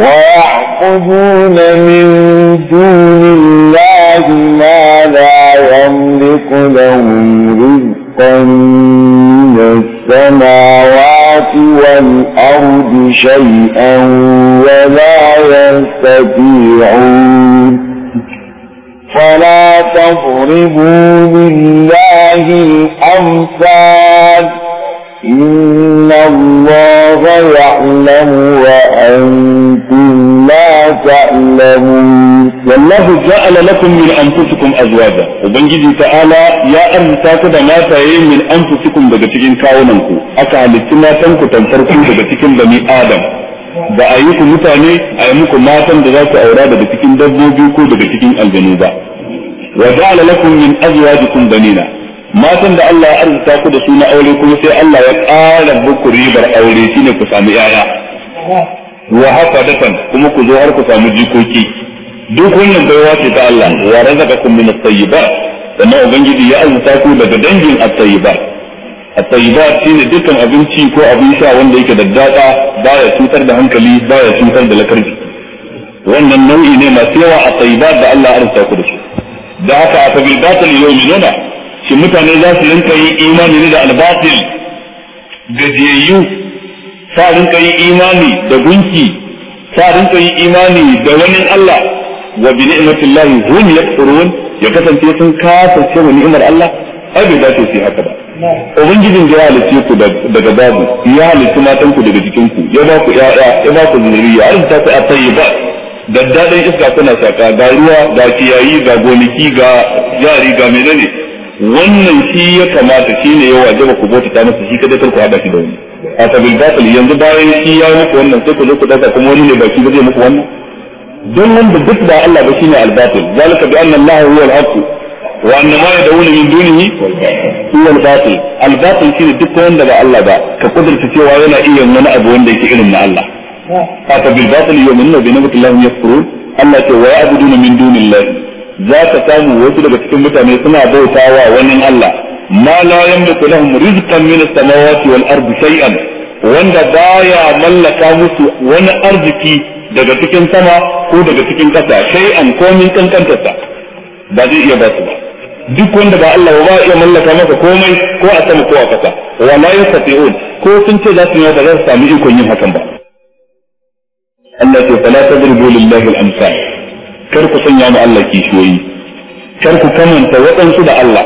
ويعقبون من دون الله ما لا يملك لهم رزقا من السماوات والأرض شيئا ولا يستطيعون فلا تضربوا لله الأمثال إن الله يعلم وأنتم لا تعلمون والله جعل لكم من أنفسكم أزواجا وبنجد تعالى يا أن تاكد ما تأيه من أنفسكم بجتكين كاوننكو أكا التنا تنكو تنفركم بجتكين بني آدم ba a yi ku mutane a yi muku matan da za ku aura daga cikin dabbobi ko daga cikin aljanu ba wa ja'ala lakum min azwajikum banina matan da Allah ya arzuta ku da suna aure kuma sai Allah ya ƙara muku ribar aure shine ku sami yaya wa haka da datan kuma ku zo har ku sami jikoki duk wannan baiwa ce ta Allah wa razaqakum min at-tayyibat sannan ubangiji ya arzuta ku daga dangin at-tayyibat at-tayyibat shine dukkan abinci ko abin sha wanda yake da daɗa baya cutar da hankali baya cutar da lakarfi wannan nau'i ne masu yawa at-tayyibat da Allah ya arzuta ku da su da haka a tabibatul yawminuna ki mutane za su rinka yin imani ne da albatil gajiyayyu sa rinka yin imani da gunki sa rinka yin imani da wani Allah wa bi ni'matillahi hum yakfurun ya kasance sun kasa cewa ni'imar Allah ai bai dace su haka ba ubangijin da ya halice ku daga babu ya halice matan ku daga jikin ku ya ba ku ya'ya ya ba ku zuriya ya ta ku da tayyiba iska tana saka ga ruwa ga kiyayi, ga gonaki ga yari, ga menene wannan shi ya kamata shi ne ya wajaba ku bauta ta masa shi kadai kar ku hada shi da wani a sabil batil yanzu bayan shi ya muku wannan sai ku zo ku dauka kuma wani ne baki ba zai muku wannan don wanda duk da Allah ba shi ne batil zalika bi anna Allah huwa al-haqq wa anna ma yad'un min dunihi huwa al-batil al-batil ne duk wanda ba Allah ba ka kudurta cewa yana iya wani abu wanda yake irin na Allah a sabil batil yu'minu bi nabiyyi Allah yakfurun Allah ce wa ya'buduna min dunillahi za ka samu wasu daga cikin mutane suna bauta wa wani Allah ma la yamliku lahum rizqan min as-samawati wal ardi shay'an wanda baya mallaka musu wani arziki daga cikin sama ko daga cikin kasa shay'an ko min kankantarsa ba zai iya ba su ba duk wanda ba Allah ba iya mallaka masa komai ko a sama ko a kasa wa la yastati'un ko sun ce za su yi ba za su sami ikon yin hakan ba Allah ya ce fala tadribu lillahi al-amsal kar ku sanya mu Allah kishiyoyi kar ku kamanta waɗansu da Allah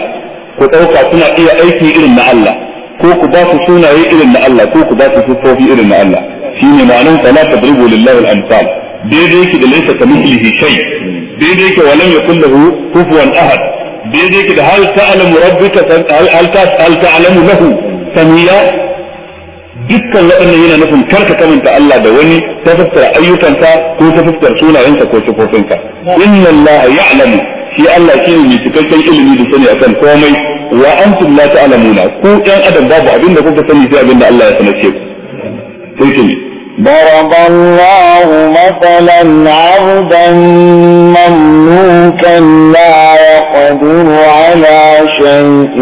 ku ɗauka suna iya aiki irin na Allah ko ku ba su sunaye irin na Allah ko ku ba su siffofi irin na Allah shine ma'anar fala tadribu lillahi al daidai yake da laysa kamithlihi shay daidai yake walam yakul lahu kufuwan ahad daidai yake da hal ta'lamu rabbuka hal ta'lamu lahu samiya dukkan waɗannan yana nufin karka kamanta Allah da wani ta fuskar ayyukanka ko ta fuskar sunayenka ko sifofinka إن الله يعلم في الله كيف يتكلم كي إلى ميد سني أكن قومي وأنتم لا تعلمون كو إن أدب بابا أبين لكم تسني في أبين الله يتنسيب تلكني ضرب الله مثلا عرضا مملوكا لا يقدر على شيء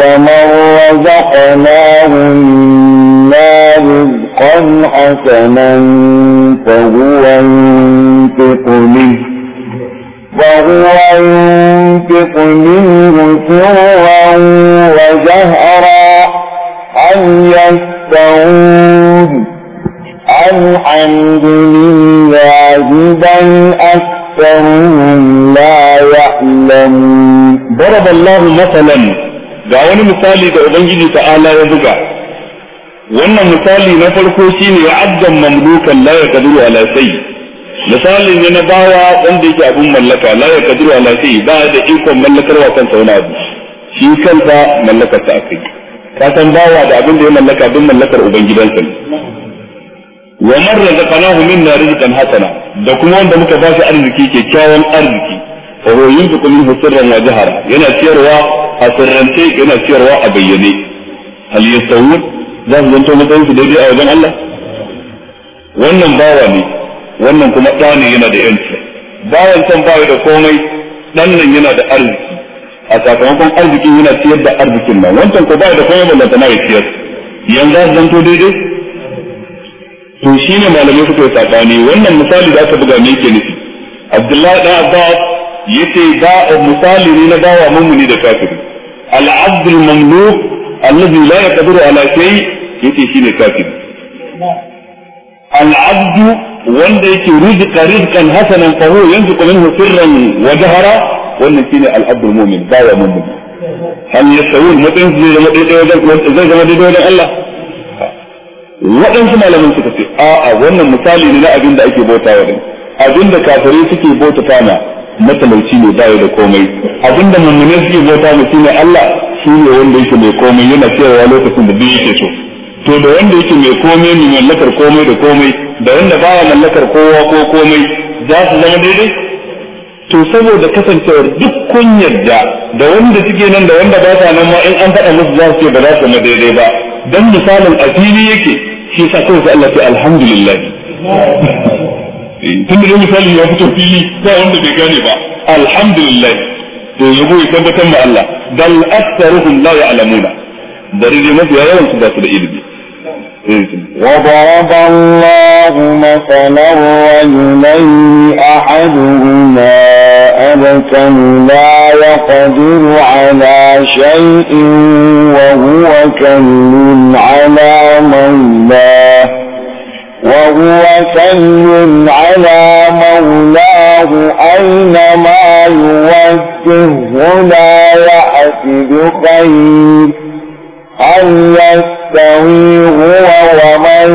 ومن رزقناه منا رزقا حسنا فهو ينفق منه وهو ينفق منه سرا وجهرا أن يستعود الحمد لله بل أكثرهم لا يعلم ضرب الله مثلا داون مثالي تأغنجي دا تعالى يبقى وانا مثالي نفر كوشين يعد مملوكا لا يقدر على سيد misali ne na bawa wanda yake abin mallaka la ya kadiru ala sai ba da ikon mallakarwa kansa wani abu shi kansa mallakar ta akai ka san bawa da abin da ya mallaka abin mallakar ubangidansa ne wa man razaqnahu minna rizqan hasana da kuma wanda muka ba shi arziki kyakkyawan arziki fa huwa yunfiqu minhu sirran wa jahara yana ciyarwa a sirrance yana ciyarwa a bayyane hal yasawu za su zanto matsayin su daidai a wajen Allah wannan bawa ne wannan kuma ɗa ne yana da yanci bayan can ba da komai ɗan nan yana da arziki a sakamakon arzikin yana ciyar da arzikin nan wancan ko ba da komai ba lantana ya ciyar yanzu za su zanto daidai to shine malamai suka yi sakani wannan misali da aka buga me yake nufi Abdullahi dan Abbas yace ba a misali ne na bawa mummuni da kafiri al-abd al-mamluk alladhi la yaqdiru ala shay yace shine kafiri al-abd wanda yake rizqa rizqan hasanan fa huwa yanfiqu minhu sirran wa jahara wannan shine al-abdul mu'min bawa mu'min hal yasawun mutum zai zama daidai wajen zai zama daidai wajen Allah waɗansu malaman suka ce a'a wannan misali ne na abin da ake bauta wa abin da kafirai suke bauta tana matalauci ne bayo da komai abin da mummune suke bauta mu shine Allah shine wanda yake mai komai yana cewa lokacin da duk yake so to da wanda yake mai komai mai mallakar komai da komai da wanda baya mallakar kowa ko komai za su zama daidai to saboda kasancewar duk kun yarda da wanda suke nan da wanda ba sa nan ma in an faɗa musu za su ce ba za su zama daidai ba dan misalin a fili yake shi sa kawai Allah ce alhamdulillah eh, tun da misali ya fito fili ba wanda bai gane ba alhamdulillah to yabo ya tabbatar ma Allah bal aktsaruhum la ya'lamuna dare ne mafi yawan su ba su da ilimi وضرب الله مثلا رجلين أحدهما أبكم لا يقدر على شيء وهو كل على مولاه وهو كل على مولاه أينما يوجهه لا يأتي بخير أن يستوي هو ومن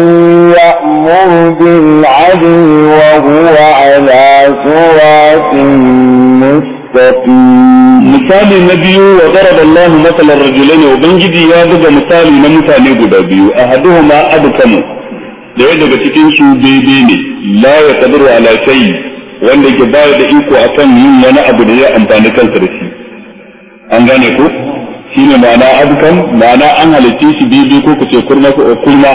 يأمر بالعدل وهو على صراط مستقيم misali na biyu wa daraba Allah mathala rajulain wa bangiji ya buga misali na mutane guda biyu ahaduhuma adkamu da yadda daga cikin su daidai ne la ya kadiru ala shay wanda ke bayar da iko akan yin wani abu da ya amfani kansa da shi an gane ku shine ma'ana abkan ma'ana an halitta shi bibi ko kace kurma ko kurma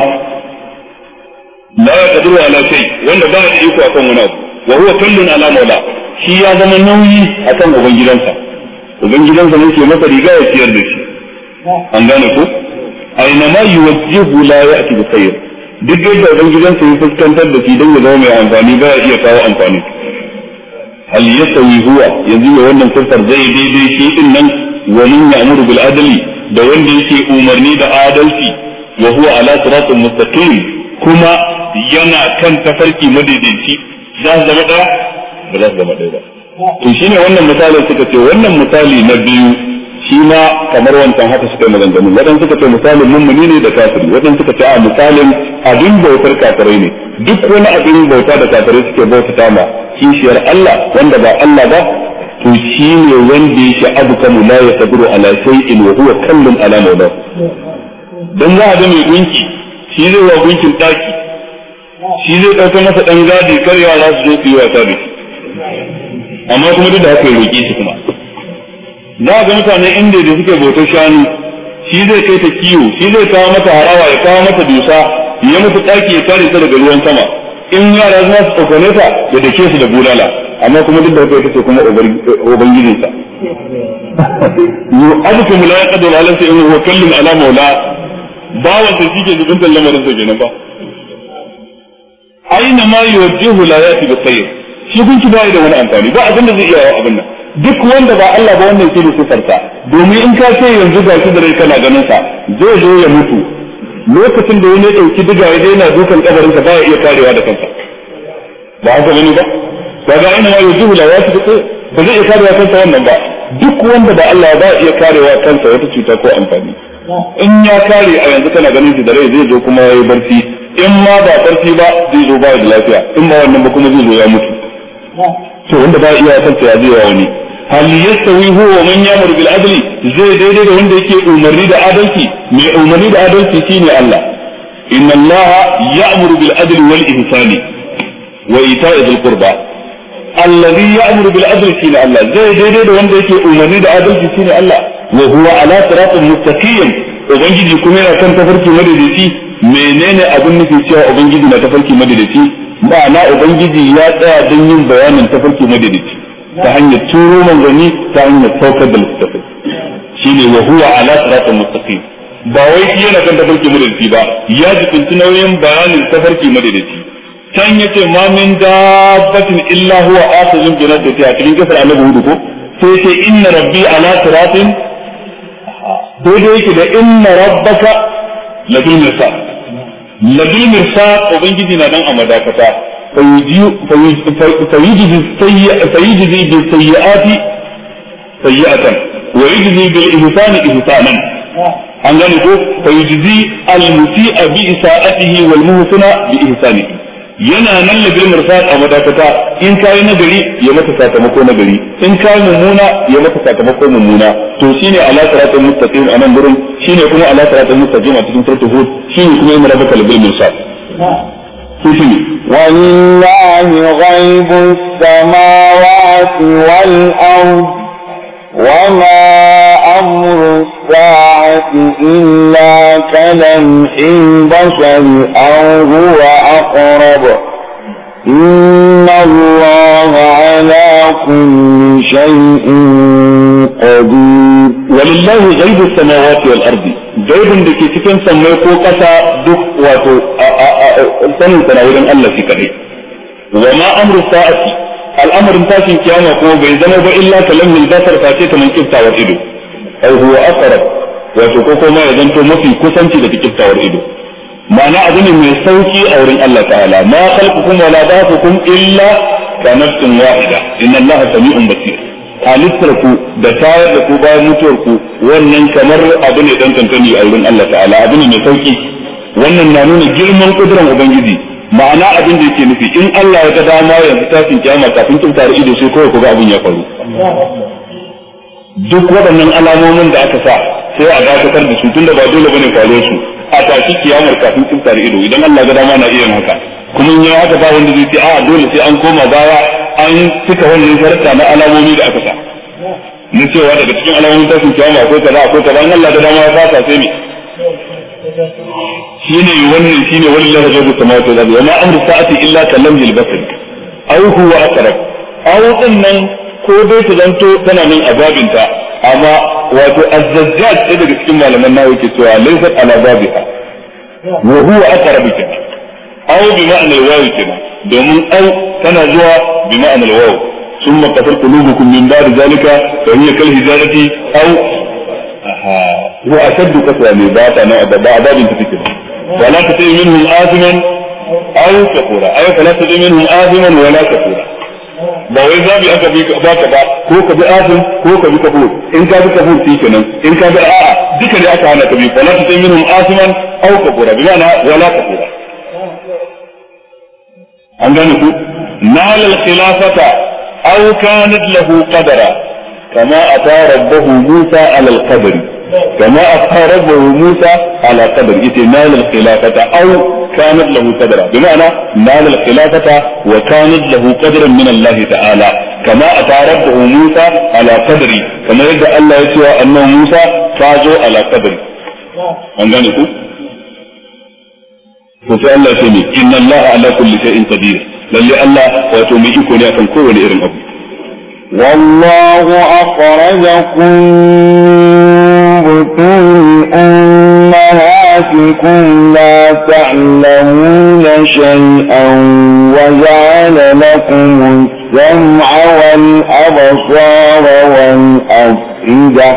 la yaqdiru ala shay wanda ba da iko akan wani abu wa huwa kullun ala maula shi ya zama nauyi akan uban gidansa ne ke masa riga ya ciyar da shi an gane ko aina ma yuwajjihu la ya'ti bi khair duk yadda gidansa ya fuskantar da shi dan ya zama mai amfani ba ya iya kawo amfani hal yasawi huwa yanzu wannan siffar zai daidai shi din nan wa man ya'muru da wanda yake umarni da adalci wa huwa ala siratin mustaqim kuma yana kan tafarki madaidaici za su zama daya ba za su zama daya ba to shine wannan misalin suka ce wannan misali na biyu shi ma kamar wancan haka suka yi maganganu wadan suka ce misalin mummuni ne da kafiri wadan suka ce a misalin abin bautar kafirai ne duk wani abin bauta da kafirai suke bauta ma kishiyar Allah wanda ba Allah ba to shi ne wanda yake mu la sabiru ala shay'in wa huwa kallun ala mawla dan za a ga mai gunki shi zai wa gunkin daki shi zai dauka masa dan gadi karya yara su zo su yi wasa da amma kuma duk da haka ya roƙe shi kuma za a ga mutane inda da suke bautar shanu shi zai kai ta kiwo shi zai kawo mata harawa ya kawo mata dusa ya mutu daki ya kare ta daga ruwan sama in yara za su tsokane ta ya dake su da bulala amma kuma duk da haka ce kuma ubangijinsa yu'adukum la yaqdiru ala shay'in wa ala maula sa lamarin sa kenan ba aina ma yuwajjihu la yati bi shi ba da wani amfani ba abin da zai iya abin nan duk wanda ba Allah ba wannan shi ne sifarsa domin in ka ce yanzu ga shi da rai kana ganin sa zai zo ya mutu lokacin da wani ya dauki diga ya je yana dukan kabarin sa ba ya iya karewa da kansa ba haka gani ba kaga ina ma yuzuhu la yasbiqu ba zai iya karewa kansa wannan ba duk wanda ba Allah ba iya karewa kansa wata cuta ko amfani in ya kare a yanzu kana ganin shi da rai zai zo kuma ya yi barci in ma ba barci ba zai zo ba da lafiya in ma wannan ba kuma zai zo ya mutu to wanda ba iya kansa ya zai wa wani hal yastawi huwa wa man ya'muru bil adli zai daidai da wanda yake umarni da adalci mai umarni da adalci shine Allah inna Allah ya'muru bil adli wal ihsani wa ita'i dhil qurba allazi ya'muru bil adli na Allah zai daidai da wanda yake umarni da adalci shine Allah wa huwa ala siratin mustaqim ubangiji kuma yana kan tafarki madaidaici menene abin nufi cewa ubangiji na tafarki madaidaici ma'ana ubangiji ya tsaya don yin bayanin tafarki madaidaici ta hanyar turo manzanni ta hanyar saukar da littafai shine wa huwa ala siratin mustaqim ba wai shi yana kan tafarki madaidaici ba ya jikinci nauyin bayanin tafarki can yace ma min dabbatin illa huwa akhizun bi radati a cikin kasar annabi hudu ko sai sai inna rabbi ala siratin daidai yake da inna rabbaka labil mirsad labil mirsad ubangiji na dan a madakata فيجزي بالسيئات سيئة ويجزي بالإحسان إحسانا عن ذلك فيجزي المسيء بإساءته والمحسن بإحسانه yana nan labil mursal a madakata in kai nagari ya mata sakamako nagari in kai mummuna ya mata sakamako mummuna to shine ala siratal a nan gurin shine kuma ala siratal mustaqim a cikin suratul hud shine kuma yana rabaka labil mursal ولله غيب السماوات والأرض وما أمر الساعة إلا كلم إن بشر أو هو أقرب إن الله على كل شيء قدير ولله غيب السماوات والأرض غيب لكي سكن سميكو قسا دك واتو تناولا سنوير الله سكره وما أمر الساعة الأمر انتاكي كيانا قوة بإذنه إلا كلم البصر فاتيت من كبتا وإدو aw huwa aqrab wato ko kuma ya zanto mafi kusanci da kiftawar ido ma'ana abu ne mai sauki a wurin Allah ta'ala ma khalqukum wala ba'thukum illa ka nafsin wahida inna Allah sami'un basir halittar ku da tayar da ku bayan mutuwar ku wannan kamar abu ne dan kankani a wurin Allah ta'ala abu ne mai sauki wannan na nuna girman kudurar ubangiji ma'ana abin da yake nufi in Allah ya ga dama yanzu tashin kiyama kafin kin tare ido sai kawai ku ga abin ya faru duk waɗannan alamomin da aka sa sai a dakatar da su tun da ba dole bane kwalo su a tashi kiyamar kafin kinsa ido idan Allah ga dama na iya haka kuma in haka ba wanda zai ce a dole sai an koma baya an cika wannan sharta na alamomi da aka sa na cewa daga cikin alamomin tashin kiyama akwai kaza akwai kaza in Allah ga dama ya fasa sai Shi shine wannan shine wallahi jabu samawati wal da wa ma amru sa'ati illa kalamhi al-basar aw huwa aqrab aw nan ko dai ta zanto tana nan a amma wato azzajjaj ɗaya daga cikin malaman nawa ke cewa laysat ala babiha wa huwa aqrab kana aw bi ma'na al-waw kana domin Au tana zuwa bi ma'na al-waw thumma qafar qulubukum min ba'd zalika fa hiya kal hijarati aw aha a ashaddu qaswa ne ba ta nan ba babin ta ce take ولا تطيع منهم آثما أو ta ce فلا تطيع azumin wala ta kura. ba wai zabi aka bi ka baka ba ko ka bi asin ko ka bi kabul in ka bi kabul shi kenan in ka bi a'a duka ne aka hana ka bi fa la ta minhum asiman aw kabura bi ma'ana wala ka kabura an gane ku nal al khilafata aw kanat lahu qadara kama ata rabbahu musa ala al qadri kama ata rabbahu musa ala qadri ita nal al khilafata aw كانت له قدرا بمعنى نال الخلافة وكانت له قدرا من الله تعالى كما أتى ربه موسى على قدري كما يدعى الله يسوى أنه موسى فازوا على قدري أن غنيكم وفي الله سمي إن الله على كل شيء قدير للي الله وتوميكم يكن كون إرم أبو والله أخرجكم بطول أمهاتكم فاسقون لا تعلمون شيئا وجعل لكم السمع والأبصار والأفئدة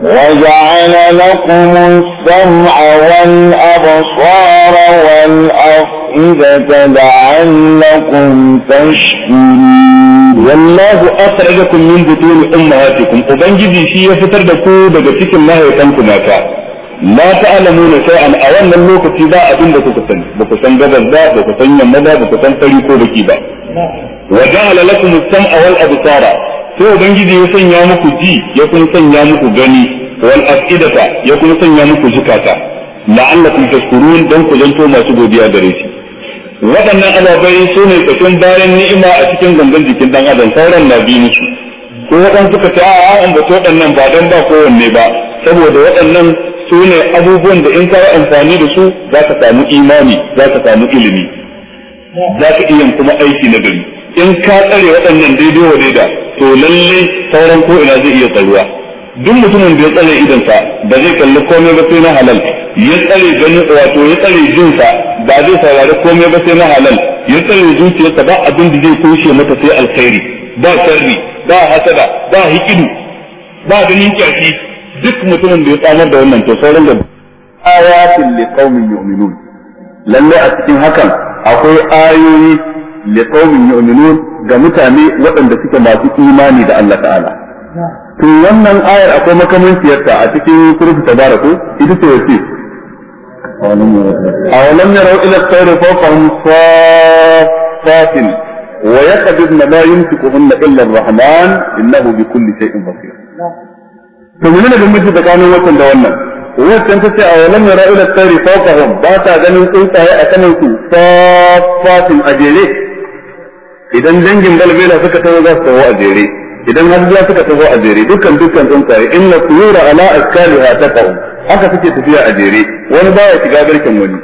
وجعل لكم السمع والأبصار والأفئدة لعلكم تشكرون والله أخرجكم من بطون أمهاتكم وبنجي في فتر دكو دكتك الله يتنكم أكاد la sai shay'an a wannan lokaci ba bin da kuka sani ba ku san gabas ba ba ku san yamma ba ba ku san fari ko baki ba wa ja'ala lakum as-sam'a wal absara sai ubangiji ya sanya muku ji ya kun sanya muku gani wal afidata ya kun sanya muku zukata la'allakum tashkurun dan ku zanto masu godiya gare shi waɗannan ababai su ne tsakin bayan ni'ima a cikin gangan jikin dan adam sauran na bi ko waɗansu suka ta, a'a an ba waɗannan ba dan ba kowanne ba saboda waɗannan su ne abubuwan da in ka yi amfani da su za ka samu imani za ka samu ilimi za ka iya kuma aiki na gari in ka tsare waɗannan daidai wa daida to lalle sauran ko ina zai iya tsaruwa duk mutumin da ya tsare sa, da zai kalli komai ba sai na halal ya tsare ganin wato ya tsare jinsa ba zai saurari komai ba sai na halal ya tsare zuciyarsa ba abin da zai kushe mata sai alkhairi ba sharri ba hasada ba hikidu ba ganin kyashi duk mutumin da ya tsamar da wannan to sauran da ayatin li qaumin yu'minun lalle a cikin hakan akwai ayoyi li qaumin yu'minun ga mutane waɗanda suke masu imani da Allah ta'ala to wannan ayar akwai makamin siyarta a cikin surutu tabaraku ita ce wace أولم يروا إلى الطير فوقهم صافات ويقبضن لا يمسكهن إلا الرحمن إنه بكل شيء بصير to menene bambanci tsakanin wannan da wannan wannan ta ce a walam yara ila tsari fawqahum ba ta ganin tsuntsaye a saman su safatin a jere idan dangin balbela suka taho za su taho a jere idan hajjiya suka taho a jere dukkan dukkan tsuntsaye inna suyura ala askaliha taqahum haka suke tafiya a jere wani baya shiga garken wani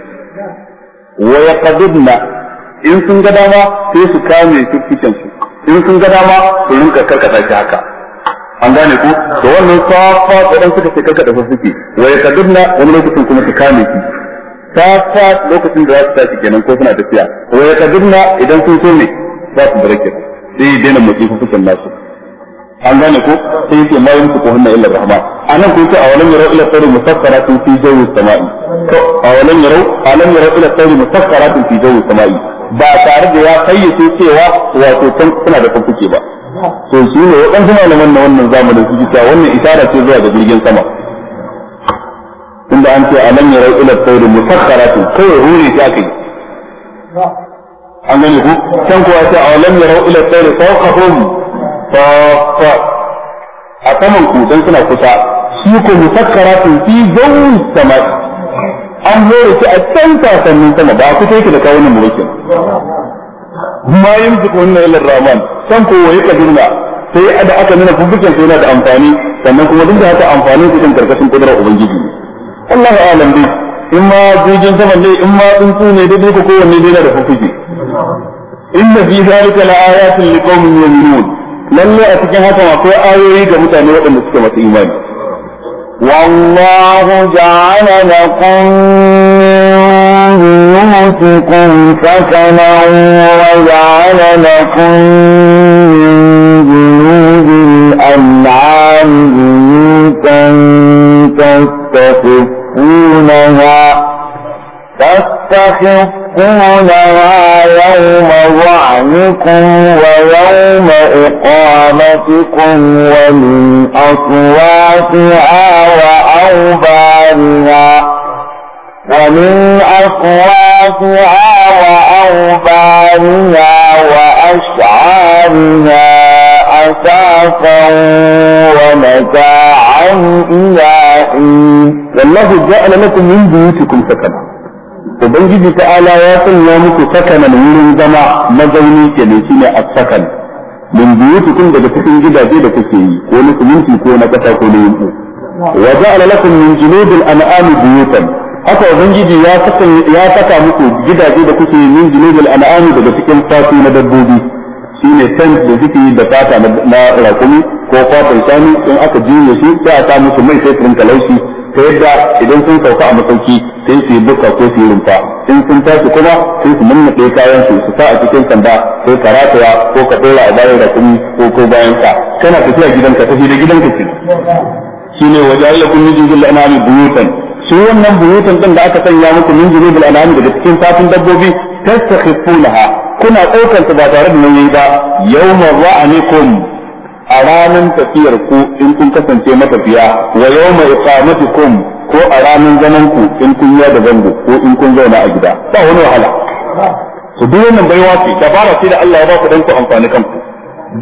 wa yaqdudna in sun ga dama sai su kame su in sun ga dama su rinka karkata shi haka an gane ku da wannan safa idan suka ce kaka da su suke wa ya kadurna wani lokacin kuma su kame ki safa lokacin da za su tashi kenan ko suna tafiya wa ya kadurna idan sun so ne za su barake sai ya daina motsi fufukan nasu an gane ko sai yake ma yanku ko illar rahama a nan ko ce awalan yarau ila tsari musakkaratin fi jawo sama'i to awalan yarau alam yarau ila tsari musakkaratin fi jawo sama'i ba tare da ya fayyace cewa wato suna da kan ba to shi ne waɗansu malaman na wannan zamanin su ta wannan isara ce zuwa ga jirgin sama inda an ce alam yarau ila tsairi musakharatin kawai ruri ta kai an gani ku can kuwa ta alam yarau ila tsairi fawqahum fa a saman ku don suna kusa shi ko musakharatin fi zawin sama an hore shi a can sasannin sama ba ku take da kawunan mulkin ma yamsu kunna ila rahman San ko waye kabila sai da aka nuna fuffuken sai yana da amfani sannan kuma duk da haka amfanin su kan karkashin kudura ubangiji Allahu a'lam bi in ma jirgin saman ne in ma tsuntsu ne dai duka kowanne dai yana da fuffuke inna fi zalika la'ayatin liqaumin yu'minun lalle a cikin haka akwai ayoyi ga mutane waɗanda suke masu imani Wallahu جعل لكم بيوتكم سكنا وجعل لكم من جنود الأنعام بيوتا تستخفونها تستخفونها يوم ظعنكم ويوم إقامتكم ومن أصواتها وأوبارها ومن أصواتها وأوبارها وأشعارها أساسا ومتاعا إلى حين والله جعل لكم من بيوتكم سكنا Ubangiji ta'ala ya sanya muku sakanan wurin zama mazauni ke ne shi ne a sakan min biyutukum daga cikin gidaje da kuke yi ko na suminti ko na ƙasa ko na yinku wa ja'ala lakum min junudil an'ami biyutan haka ubangiji ya saka ya saka muku gidaje da kuke min jinubul al'ami daga cikin fatu na dabbobi shine tent da suke da fata na rakumi ko kwatar shanu in aka jiye shi sai a sa musu mai sai rinka laushi ta yadda idan sun sauka a masauki sai su yi buka ko su yi rumfa in sun tashi kuma sai su nannaɗe kayan su su sa a cikin sanda ko ka rataya ko ka ɗora a bayan rakumi ko ko bayan ka kana tafiya gidanka tafi da gidanka ce shine wajen lakum min jinubul al'ami buyutan shi wannan buyutun din da aka sanya muku min jibil alami daga cikin safin dabbobi tastakhifunaha kuna daukar ta ba tare da nauyi ba yawma ra'anikum a ranar tafiyar ku in kun kasance matafiya wa yawma iqamatikum ko a ranar zaman ku in kun yi da zango ko in kun zauna a gida ba wani wahala su duk wannan baiwa ce dabara ce da Allah ya ba ku dan ku amfani kanku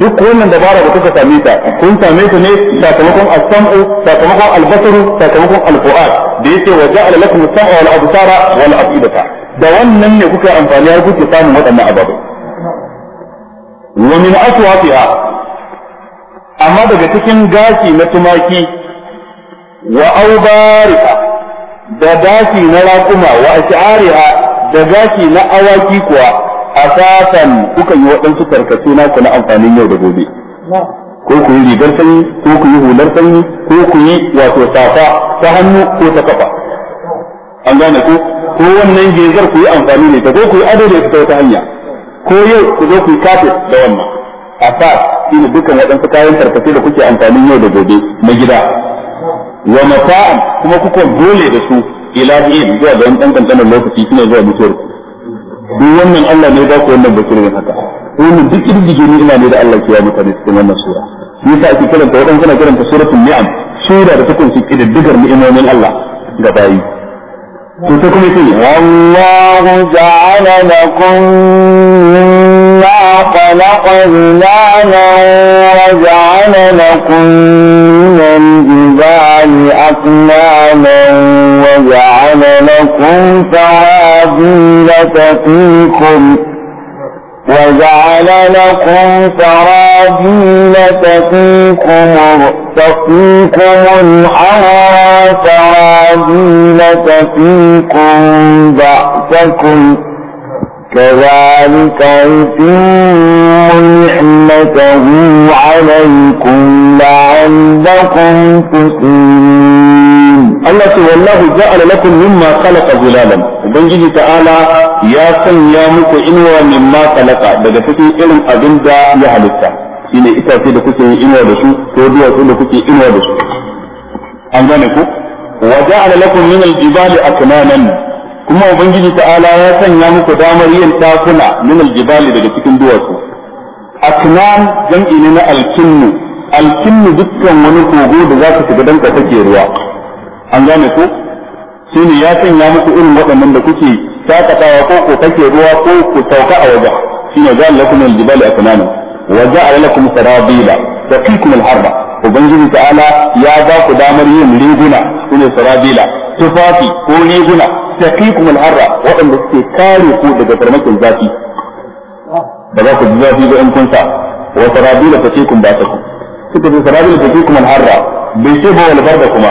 duk wannan dabara da kuka same ta kun same ta ne sakamakon as-sam'u sakamakon al-basaru sakamakon al-fu'ad da yake wa ja'ala lakum sama wal absara wal af'idata da wannan ne kuka amfani har kuke samu waɗannan ababai wa min aswafiha amma daga cikin gashi na tumaki wa da gashi na raƙuma wa ash'ariha da gashi na awaki kuwa asasan kuka yi waɗansu karkace na na amfanin yau da gobe ko ku yi rigar sanyi ko ku yi hular sanyi ko ku yi wato safa ta hannu ko ta kafa an gane ko ko wannan gezar ku yi amfani ne ta ko ku yi ado da ta wata hanya ko yau ku zo ku yi kafe da wannan a sa shi ne dukkan waɗansu kayan tarkace da kuke amfani yau da gobe na gida wa mata'an kuma kuka dole da su ila zuwa ga wani ɗan ƙanƙanin lokaci suna zuwa mutuwar ku duk wannan Allah ne ba ku wannan basirin haka ko wannan duk irin ni ina ne da Allah ke ya mutane cikin wannan sura shi yasa ake kiran ta wadan kana kiran ta suratul ni'am sura da ta kunshi kididdigar ni'imomin Allah ga bayi to ta kuma sai Allahu ja'ala lakum ma khalaqa wa ja'ala lakum min jibal الطعام وجعل لكم سرابيل تقيكم وجعل لكم سرابيل تقيكم تقيكم الحرى سرابيل تقيكم بأسكم كذلك يتم نعمته عليكم لعلكم تسلمون الله سبحانه والله جعل لكم مما خلق ظلالا بل جل تعالى يا سن يا مك انوى مما خلق بل فتي ارم ابندا يا هلكا ان اتى في دكتي انوى دسو تودي اقول دكتي انوى دسو انغانكو وجعل لكم من الجبال اكناما kuma ubangiji ta'ala ya sanya muku damar yin dakuna min aljibali daga cikin duwatsu aknan jam'i ne na alkinnu alkinnu dukkan wani kogo da za ka shiga dan ka take ruwa an gane ko shine ya sanya muku irin waɗannan da kuke takatawa ko ko take ruwa ko ku sauka a waje shine ja'al lakum aljibali aknan wa ja'al lakum sarabila taqikum alharba ubangiji ta'ala ya ba ku damar yin riguna sune sarabila tufafi ko riguna taqikum al-harra waɗanda suke kare ku daga farmakin zafi ba za ku ji zafi ba in kun sa wa sarabila taqikum ba ta ku suka ce sarabila taqikum al-harra bai ce ba wal barda kuma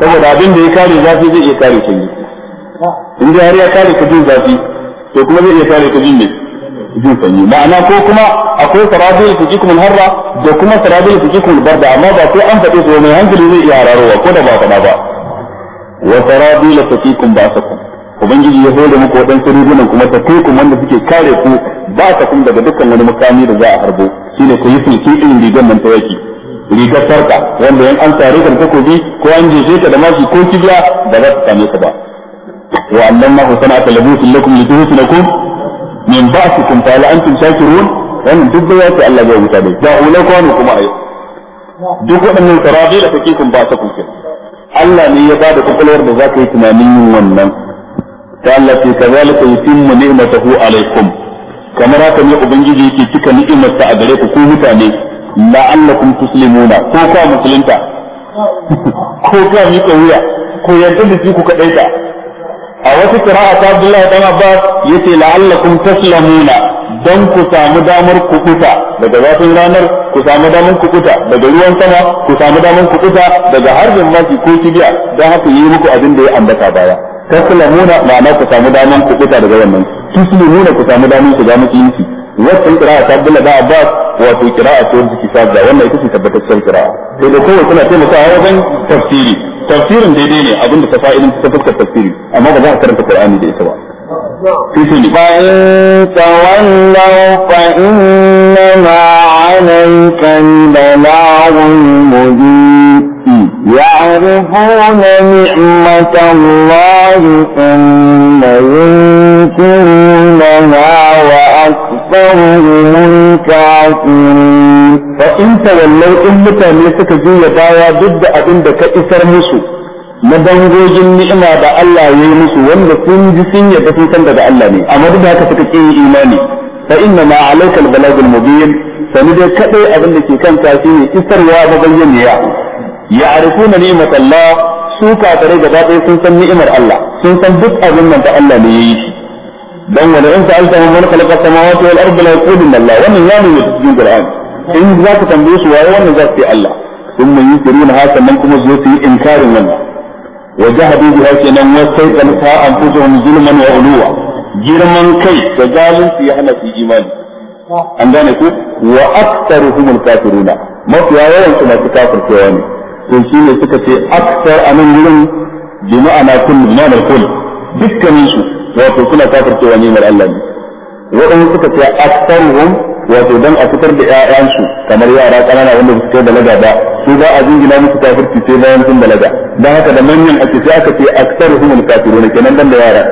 saboda abin da ya kare zafi zai iya kare sanyi in dai har ya kare ka jin zafi to kuma zai iya kare ka jin ne jin sanyi ma'ana ko kuma akwai sarabila taqikum al-harra da kuma sarabila taqikum al-barda amma ba sai an faɗe su mai hankali zai iya hararowa ko da ba faɗa ba wa sarabila tafikum ba'sakum ubangiji ya hore muku waɗansu rigunan kuma ta tafikum wanda suke kare ku ba ba'sakum daga dukkan wani makami da za a harbo shine ku yi sulki din rigan nan ta yaki rigar sarka wanda yan an tare kan takobi ko an jefe ka da mashi ko kibla ba za ta same ka ba wa annamahu sana'ata labusin lakum lituhsinakum min ba'sikum fa la antum shakirun wannan duk da yake Allah zai wuta dai ba ulakonu kuma ayo duk waɗannan sarabi da kake kun ba ta kun Allah ne ya bada kwakwalwar da za ka yi tunanin yin wannan ta Allah ce ka zalika yutimmu ni'matahu alaikum kamar haka ne ubangiji yake cika ni'imarsa a gare ku ko mutane la'allakum tuslimuna ko ka musulunta ko ka miƙa wuya ko yadda da ku kaɗaita a wasu kira'a ta Abdullahi dan Abbas yace la'allakum taslamuna don ku samu damar kukuta daga zafin ranar ku samu damar kukuta daga ruwan sama ku samu damar kukuta daga harbin maki ko kibiya don haka yi muku abin da ya ambata baya taslamuna ma'ana ku samu damar kukuta daga wannan tuslimuna ku samu damar ku ga musulunci wannan qira'a ta Abdullah da Abbas wato qira'a ta wanda da wannan ita ce tabbataccen qira'a sai da kowa tana taimakawa wajen tafsiri tafsirin daidai ne abinda ta fa'idan ta fuskar tafsiri amma ba za a karanta Qur'ani da ita ba فإن تولوا فإنما عليك البلاغ المبين يعرفون نعمة الله ثم ينكرونها وأكثرهم الكافرين فإن تولوا إن متى سكا جوية بايا ضد أبن دكا إسر مسو na dangogin ni'ima da Allah ya yi musu wanda sun ji sun yadda sun san daga Allah ne amma duk da haka suka ƙi imani fa inna ma alayka al-balagh al-mubin sani dai kadai abin da ke kanka shine isarwa mabayyaniya ya'rifuna ni'mat Allah su kafirai gaba ɗaya sun san ni'imar Allah sun san duk abin nan da Allah ne ya yi shi dan wani in sa'alta man khalaqa samawati wal ardi la yaqulun Allah wannan ya nuna cikin Qur'an in za ka tambaye su waye wannan za Allah sun mai yi kiruna haka nan kuma zo su yi inkarin wannan وجحدوا بها كنا واستيقنتها أنفسهم ظلما وعلوا جرما كي تجالوا في أهل في إيمان أن ذلك وأكثرهم الكافرون ما في آيان كما تكافر كواني تنسين سكتي أكثر أمن لهم بمعنى كل بمعنى الكل دكا نيشو وأقول كنا كافر كواني من الله وإن سكتي أكثرهم wato dan a fitar da ƴaƴansu kamar yara ƙanana wanda su da laga ba su ba a jingina musu kafirci sai bayan sun laga dan haka da manyan ake sai aka ce aktaruhum alkafiruna kenan dan da yara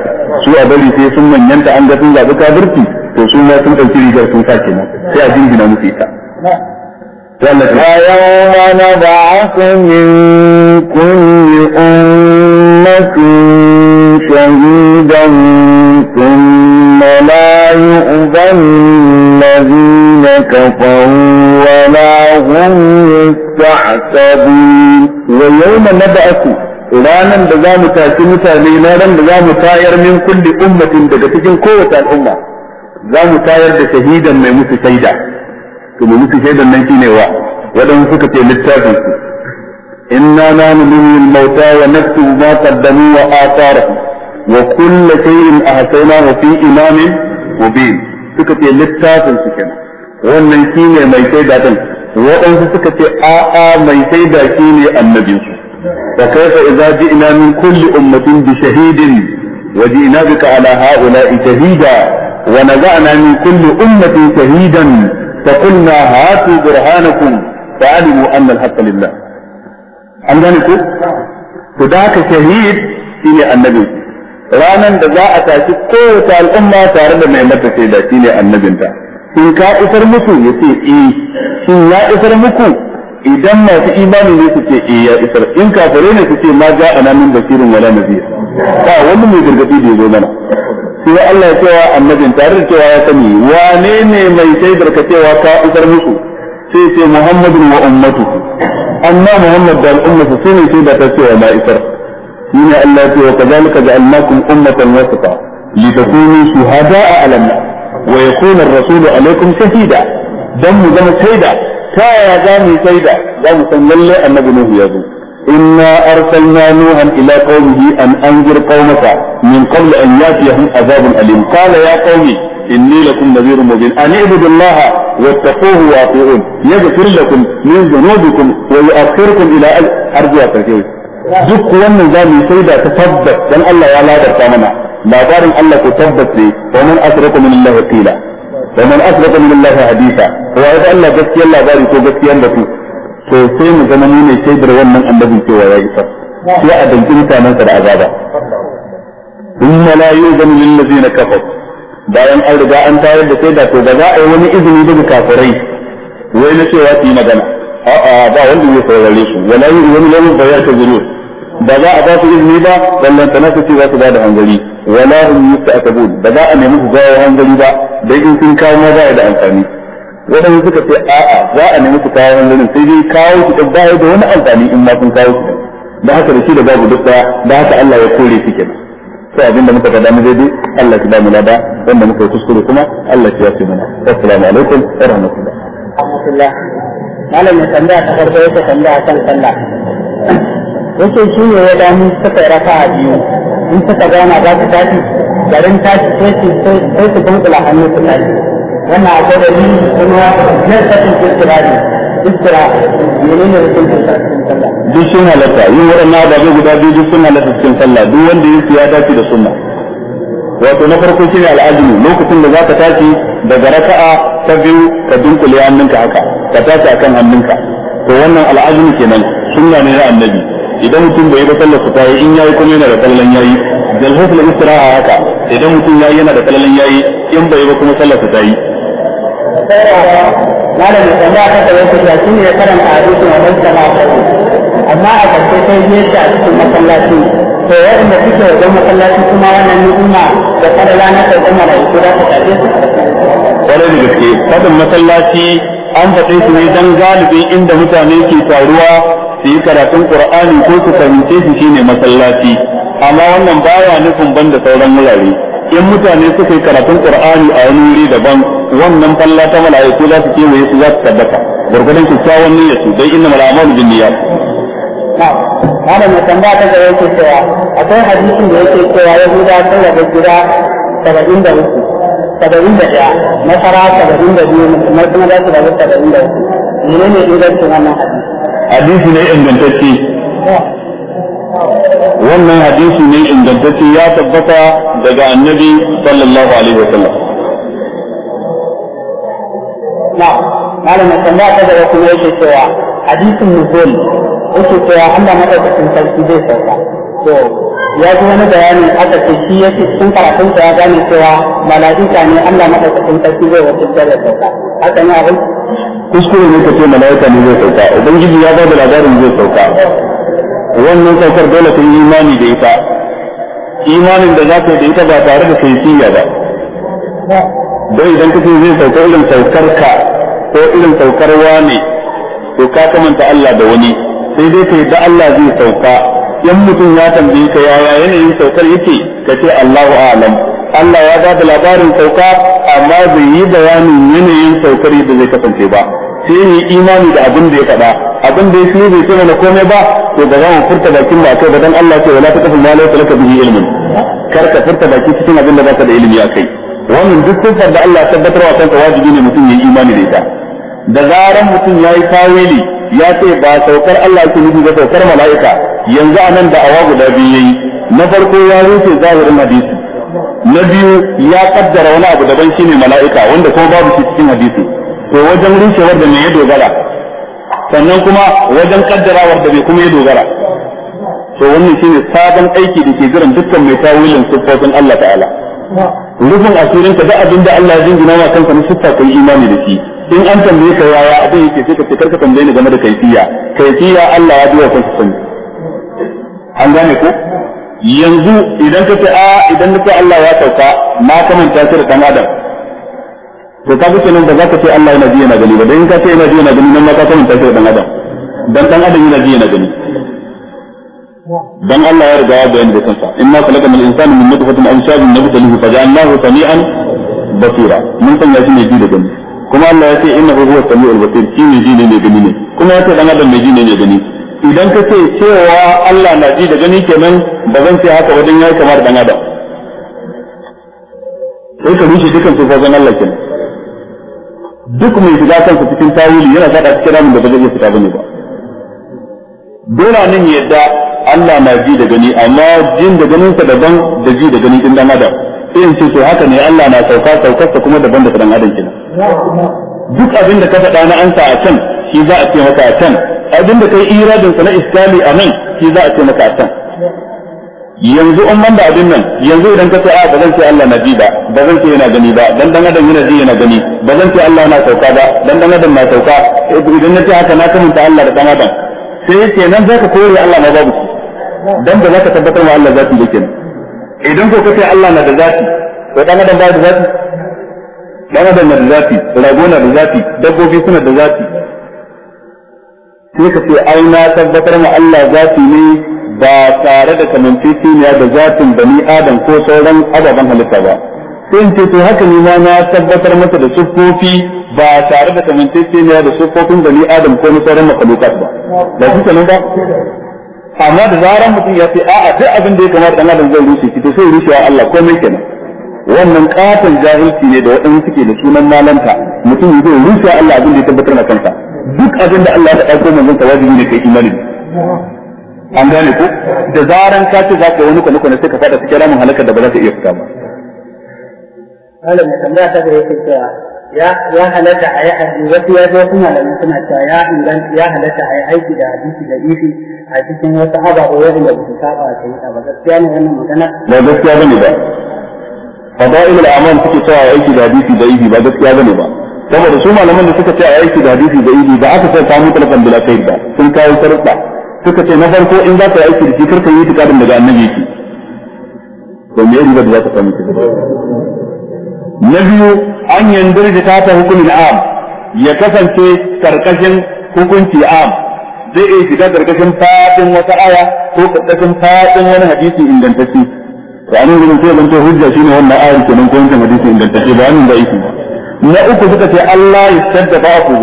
su a bari sai sun manyanta an ga sun zabi kafirci to su ma sun ɗauki rigar sun sa kenan sai a jingina musu ita ويوم نبعث من كل أمة شهيدا ثم لا يؤذن الذين كفروا ولا هم يستحسبون ويوم نبعث ranan da za mu tashi mutane na ran da za mu tayar min kulli ummatin daga cikin kowace al'umma za mu tayar da shahidan mai musu shaida to mu musu shaidan nan shine wa waɗansu suka ce littafin su inna la nulimu mauta wa naktubu ma qaddamu wa atharahum wa kullu shay'in ahsaynahu fi imamin mubin suka ce littafin su kenan wannan shine mai shaida din waɗansu suka ce a'a mai shaida shine annabinsu fa kaifa idza ji'na min kulli ummatin bi shahidin وجئنا بك على هؤلاء شهيدا ونزعنا من كل ummatin shahidan? فقلنا هاتوا برهانكم فعلموا أن الحق لله an gane ko to da haka shahid shine annabi ranan da za a tashi kowace al'umma tare da mai mata shaida shine annabinta in ka isar muku? ya ce eh shin ya isar muku idan masu imani ne su ce eh ya isar in kafare ne su ce ma ja'ana min basirin wala nabiyya ba wani mai gargadi da ya zo mana sai Allah ya cewa annabin tare da cewa ya sani wane ne mai sai ka cewa ka isar musu sai ce Muhammadun wa ummatu amma Muhammad da al'ummatu su ne da ta cewa na isar shine Allah ya ce wa kazalika ja'alnakum ummatan wasata litakunu shuhada'a 'ala an wa yakuna ar-rasulu 'alaykum shahida dan mu zama shaida ta yaya za mu shaida za mu san lalle annabi Nuhu ya zo إنا أرسلنا نوحا إلى قومه أن أنذر قومك من قبل أن يأتيهم عذاب أليم قال يا قوم إني لكم نذير مبين أن اعبدوا الله واتقوه وأطيعون يغفر لكم من ذنوبكم ويؤخركم إلى أرجع تركيز duk wannan za mu shaida ta tabbas dan Allah ya labarta mana labarin Allah ku tabbas ne wa man min Allah qila wa man min Allah hadisa wa ya Allah gaskiyar labari ko gaskiyar batu to sai mu zama mu ne shaidar wannan annabin cewa ya isa sai a danki mutanensa da azaba inna la yu'zanu lil ladina kafaru bayan an riga an tayar da sai da to ba za a yi wani izini daga kafirai wai na cewa su yi magana a'a ba wanda zai saurare su wala ba ya ta ya'tazirun ba za a ba su izini ba wallan tana su ce za su ba da hanzari wala hum yusta'tabun ba za a nemi su gawo hanzari ba dai in sun kawo ma ba da amfani Wani suka ce a'a za a nemi su kawo wurin sai dai kawo su da bayar da wani amfani in ma sun kawo su da haka da shi da babu duk da haka Allah ya kore su kenan sai abin da muka ga damu daidai Allah ya ba mu lada wanda muka kuskure kuma Allah ya yafe mana assalamu alaikum wa rahmatullah malam ya tambaya ta farko yake tambaya kan sallah yake shi ne ya damu suka raka a biyu in suka gana za su tashi garin tashi sai su sai su dunkula hannu su tashi wannan akwai da ni kuma nan sakin kirkirari iskira menene hukuncin sallah duk sun halatta yin waɗannan ababe guda biyu duk sun halatta cikin sallah duk wanda yin su ya dace da sunna wato na farko shine al'azumi lokacin da zaka tashi daga raka'a ta biyu ka dunkule hannunka haka ka tashi akan hannunka to wannan al'azumi kenan sunna ne na annabi idan mutum bai ba sallar ta yi in yayi kuma yana da kallon yayi jalhatul istiraha haka idan mutum yayi yana da kallon yayi in bai ba kuma sallar ta yi malam ya tambaya kan da yake da shine ya karanta hadisin wannan jama'a amma a karshe sai ya a cikin masallaci to ya waɗanda suke wajen masallaci kuma wannan ni'ima da fadala na sauƙin malaiku za ta tafi su da gaske fadin masallaci an faɗe su ne don galibin inda mutane ke taruwa su yi karatun qur'ani ko su fahimce su shine masallaci amma wannan baya nufin banda sauran wurare in mutane suka yi karatun qur'ani a wani wuri daban wannan falla ta mala'iku za su kewaye su za su tabbata gurgurdan kyakkyawan niyyar su dai inna mal'amal bin niyyat Malam mai tambaya ta ga yake cewa akwai hadisin da yake cewa Yahuda sun rabu gida saba'in da uku saba'in da ɗaya nasara saba'in da biyu na kuma za su rabu saba'in da uku menene ingancin wannan hadisi hadisi ne ingantacce wannan hadisi ne ingantacce ya tabbata daga annabi sallallahu alaihi wa wasallam na'am malamin tambaya ta daga kuma yake cewa hadisin nuzul yake cewa Allah madaukakin sarki zai sauka to ya ji wani bayani aka ce shi yake cikin karatun sa ya gane cewa mala'ika ne Allah madaukakin sarki zai wakilta da sauka haka ne abin kuskure ne ka ce mala'ika ne zai sauka ubangiji ya ba da labarin zai sauka wannan saukar dole ka yi imani da ita imanin da za ka yi da ita ba tare da kaifiya ba don idan ka ce zai sauka irin saukar ka ko irin saukar wane to ka kamanta Allah da wani sai dai ka da Allah zai sauka in mutum ya tambaye ka yaya yanayin saukar yake ka ce Allahu a'lam Allah ya ba da labarin sauka amma bai yi bayanin yanayin saukar yadda zai kasance ba sai yi imani da abin da ya faɗa abin da ya shi bai sai mana komai ba to da za furta bakin da kai ba dan Allah ce wala taqfu ma laysa laka bihi ilmun kar ka furta baki cikin abin da baka da ilimi akai wannan duk sifar da Allah tabbatar wa kanka wajibi ne mutum ya imani da ita da zaran mutum ya yi tawili ya ce ba saukar Allah ke nufi ba saukar mala'ika yanzu anan da awa guda biyu yayi na farko ya rufe zahirin hadisi na biyu ya kaddara wani abu daban shine mala'ika wanda kuma babu shi cikin hadisi to wajen rushewar da me ya dogara sannan kuma wajen kaddarawar da me kuma ya dogara to wannan shine sabon aiki da ke jiran dukkan mai tawilin siffofin Allah ta'ala rufin asirin ka da abin da Allah ya jingina ma kanka na siffa kai imani da shi in an tambaye ka yaya abin yake sai ka ce ka tambaye ni game da kaifiya kaifiya Allah ya biya kanka sani an gane ko yanzu idan ka ce a idan ka Allah ya sauka na kamanta shi da dan adam to ka kaga nan ba za ka ce Allah yana ji yana gani ba dan ka ce yana ji yana gani nan ma ka san tafiya dan adam dan dan adam yana ji yana gani dan Allah ya riga ya bayani da kansa inna khalaqal insana min nutfatin amshajin nabtalihi faja'alnahu sami'an basira mun san yaji ne ji da gani kuma Allah ya ce innahu huwa sami'ul basir shi ne ji ne ne gani ne kuma ya ce dan adam mai ji ne ne gani idan ka ce cewa Allah na ji da gani kenan ba zan ce haka wajen yayi kamar dan adam sai ka rushe dukan sufofin Allah kenan duk mai shiga kansa cikin tawili yana faɗa cikin ramin da ba zai fita bane ba dole nan yadda Allah na ji da gani amma jin da ganin sa daban da ji da gani din dan adam sai in ce to haka ne Allah na sauka saukarsa kuma daban da dan adam kenan duk abin da ka faɗa na ansa a can shi za a ce maka a can abin da kai iradin sa na iskali a nan shi za a ce maka a can yanzu in man da abin nan yanzu idan ka ce a ah, ba zan ce Allah na ji ba ba zan ce yana gani ba dan dan adam yana ji yana gani ba zan ce Allah na sauka ba dan dan adam na sauka idan na ce haka na kamanta Allah da dan adam sai ce nan zaka kore Allah na babu dan da zaka tabbatar wa Allah zati yake idan ko ce Allah na da zati to dan adam ba da zati dan adam na da zati rago na da zati dabbobi suna da zati sai ka ce ai na tabbatar wa Allah zati ne ba tare da kamanceceniya da zatin bani adam ko sauran ababen halitta ba sai ce to haka ni ma na tabbatar masa da siffofi ba tare da kamanceceniya da siffofin bani adam ko na sauran makhlukat ba ba su kenan ba amma da zaran mutum ya ce a'a duk abin da ya kamata dan adam zai rushe shi sai rushe rushewa Allah ko komai kenan wannan katon jahilci ne da waɗanda suke da sunan malanta mutum zai rushe Allah abin da ya tabbatar na kansa duk abin da Allah ya ɗauko manzon sa wajibi ne kai imani an gane ku da zaran ka ce za ka wani kwane kwane sai ka fada cikin ramin halakar da ba za ka iya fita ba malam tambaya ta da yake cewa ya ya halatta a yi aiki wasu ya zo kuma da suna cewa ya inganta ya halatta a yi aiki da hadisi da ifi a cikin wasu ababe wanda ba su ba a kai ba gaskiya ne wannan magana ba gaskiya bane ba fada'il al-amal suke cewa aiki da hadisi da ifi ba gaskiya bane ba saboda su malaman da suka ce aiki da hadisi da ifi ba aka sai ta mutlaqan bila kai ba sun kawo sharuɗa suka ce na farko in za ka yi aiki da shi karka yi tukadin daga annabi yake to me riba da za ka samu ki na biyu an yanzu da ta ta hukumin am ya kasance karkashin hukunci am zai iya shiga karkashin fadin wata aya ko karkashin fadin wani hadisi ingantacce to an yi sai zan ce hujja shine wannan ayar kenan ko wancan hadisi ingantacce ba nan da na uku suka ce Allah ya sadda ba ku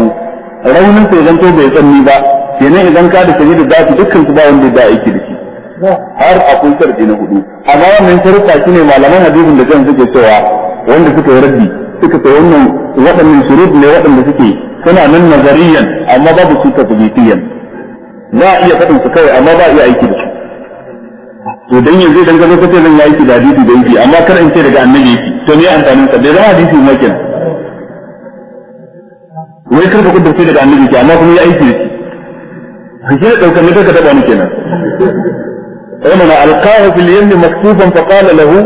raunin sai zanto bai tsanni ba kenan idan ka da shahidu da su dukkan su ba wanda da aiki da shi har akwai sharadi na hudu amma wannan shi shine malaman hadisin da zan suke cewa wanda suka yi rabbi suka ce wannan waɗannan shurud ne waɗanda suke suna nan nazariyan amma babu su tasbiqiyan za a iya faɗin su kawai amma ba a iya aiki da su to dan yanzu idan ka zo kace zan yi aiki da hadisi da yake amma kar in ce daga annabi yake to me amfanin sa bai zama hadisi ma kenan wai kar ka kudurce daga annabi ke amma kuma ya aiki da shi jiki da daukar ne ka taba mu kenan wannan alqahu fil yammi maktufan fa qala lahu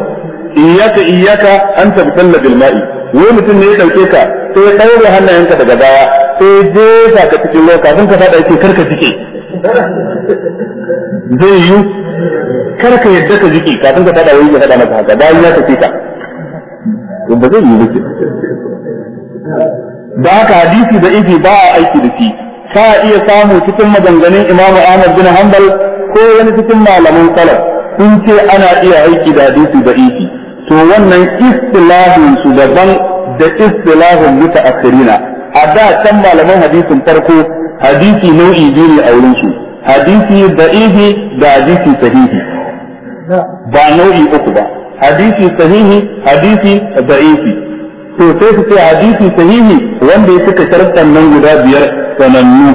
iyyaka iyyaka an tabtalla bil ma'i wai mutum ne ya dauke ka sai ya daure hannayenka daga baya sai ya jefa ka cikin ruwa kafin ka fada yake karka jike zai yi karka yadda ka jike kafin ka fada ya tafi ka ba yi ba da hadisi da ifi ba a aiki da shi ka iya samu cikin maganganun imamu ahmad bin hanbal ko wani cikin malaman salaf sun ce ana iya aiki da hadisi da iki to wannan istilahin su daban da istilahin mutaakhirina a da can malaman hadisin farko hadisi nau'i biyu ne a wurin su hadisi da ihi da hadisi sahihi ba nau'i uku ba hadisi sahihi hadisi da to sai su ce hadisi sahihi wanda ya cika sharɗan nan guda biyar sanannu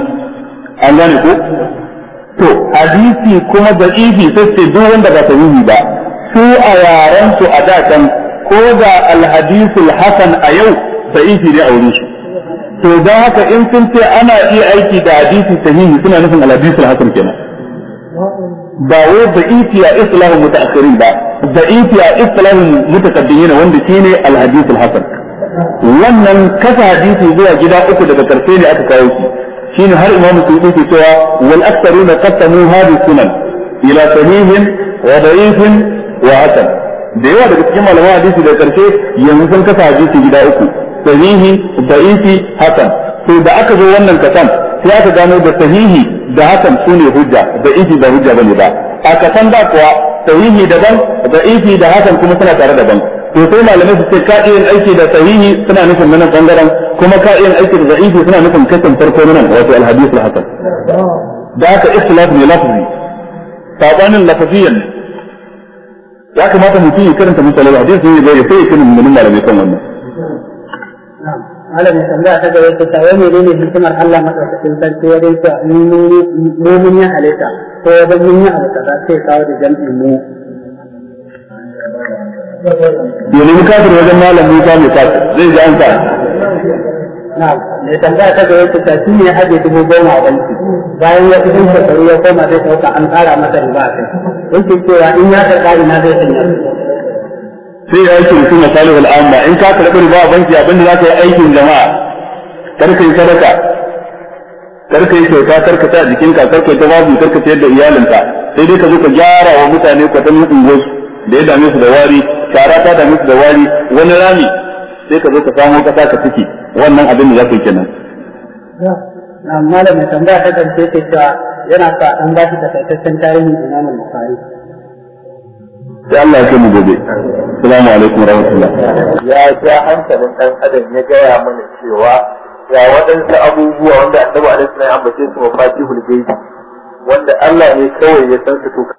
an gane ko to hadisi kuma da ibi sai ce duk wanda ba sahihi ba su a yaran su a dakan ko da alhadisul hasan a yau sahihi ne a wurin su to da haka in sun ce ana iya aiki da hadisi sahihi suna nufin alhadisul hasan kenan ba wai da'ifi a islahin mutaakhirin ba da'ifi a islahin mutakaddimin wanda shine alhadisul hasan wannan kasa hadisi zuwa gida uku daga karfe ne aka kawo shi shine har imamu su yi cewa wal aktharuna qattamu hadu sunan ila sahihin wa da'ifin wa hasan da yawa daga cikin malaman hadisi da karshe yanzu sun kasa hadisi gida uku sahihi da'ifi hasan to da aka zo wannan kasan sai aka gano da sahihi da hasan sune hujja da'ifi ba hujja bane ba a kasan da kuwa sahihi daban da'ifi da hasan kuma suna tare daban to sai malamai su ce ka aiki da sahihi suna nufin nan bangaren kuma ka aiki da da'ifi suna nufin kasan farko nan wato alhadith alhasan da aka ikhtilaf ne lafzi sabanin lafziyan ya kamata mutum ya karanta misalan hadisi ne bai sai ya kinin mun malamai kan wannan malamin tambaya ta gaba ta ta wani ne ne hikimar Allah madaukakin sarki wajen ta mumin ya halitta ko wajen mun ya halitta za kawo da jam'in mu domin kafir wajen Malam Musa mai kafir zai ji an ka mai tambaya ta gaba ta tafi ne haɗe dubu goma a banki bayan ya fi dinka tsaro ya koma zai ɗauka an ƙara masa riba a kai yake cewa in ya karɓa ina zai sanya sai ya aiki mutum na salihul amma in ka karɓi riba a banki abinda za ka yi aikin jama'a kar ka yi sadaka kar ka yi kyauta kar ka sa jikinka kar ka yi tawazu kar ka sayar da iyalinka sai dai ka zo ka gyara wa mutane kwatan unguwarsu da ya dame su da wari shara ta dame su da wari wani rami sai ka zo ka samo kasa ka ciki wannan abin da za ku yi kenan mai tambaya ta karshe ke cewa yana sa an ba shi takaitaccen tarihin imamul bukhari sai Allah ya kai mu gobe assalamu alaikum warahmatullah ya ja hankalin dan adam ya gaya mana cewa ya waɗansu abubuwa wanda annabi alaihi salam ya ambace su mafatihul gaibi wanda Allah ne kawai ya san su to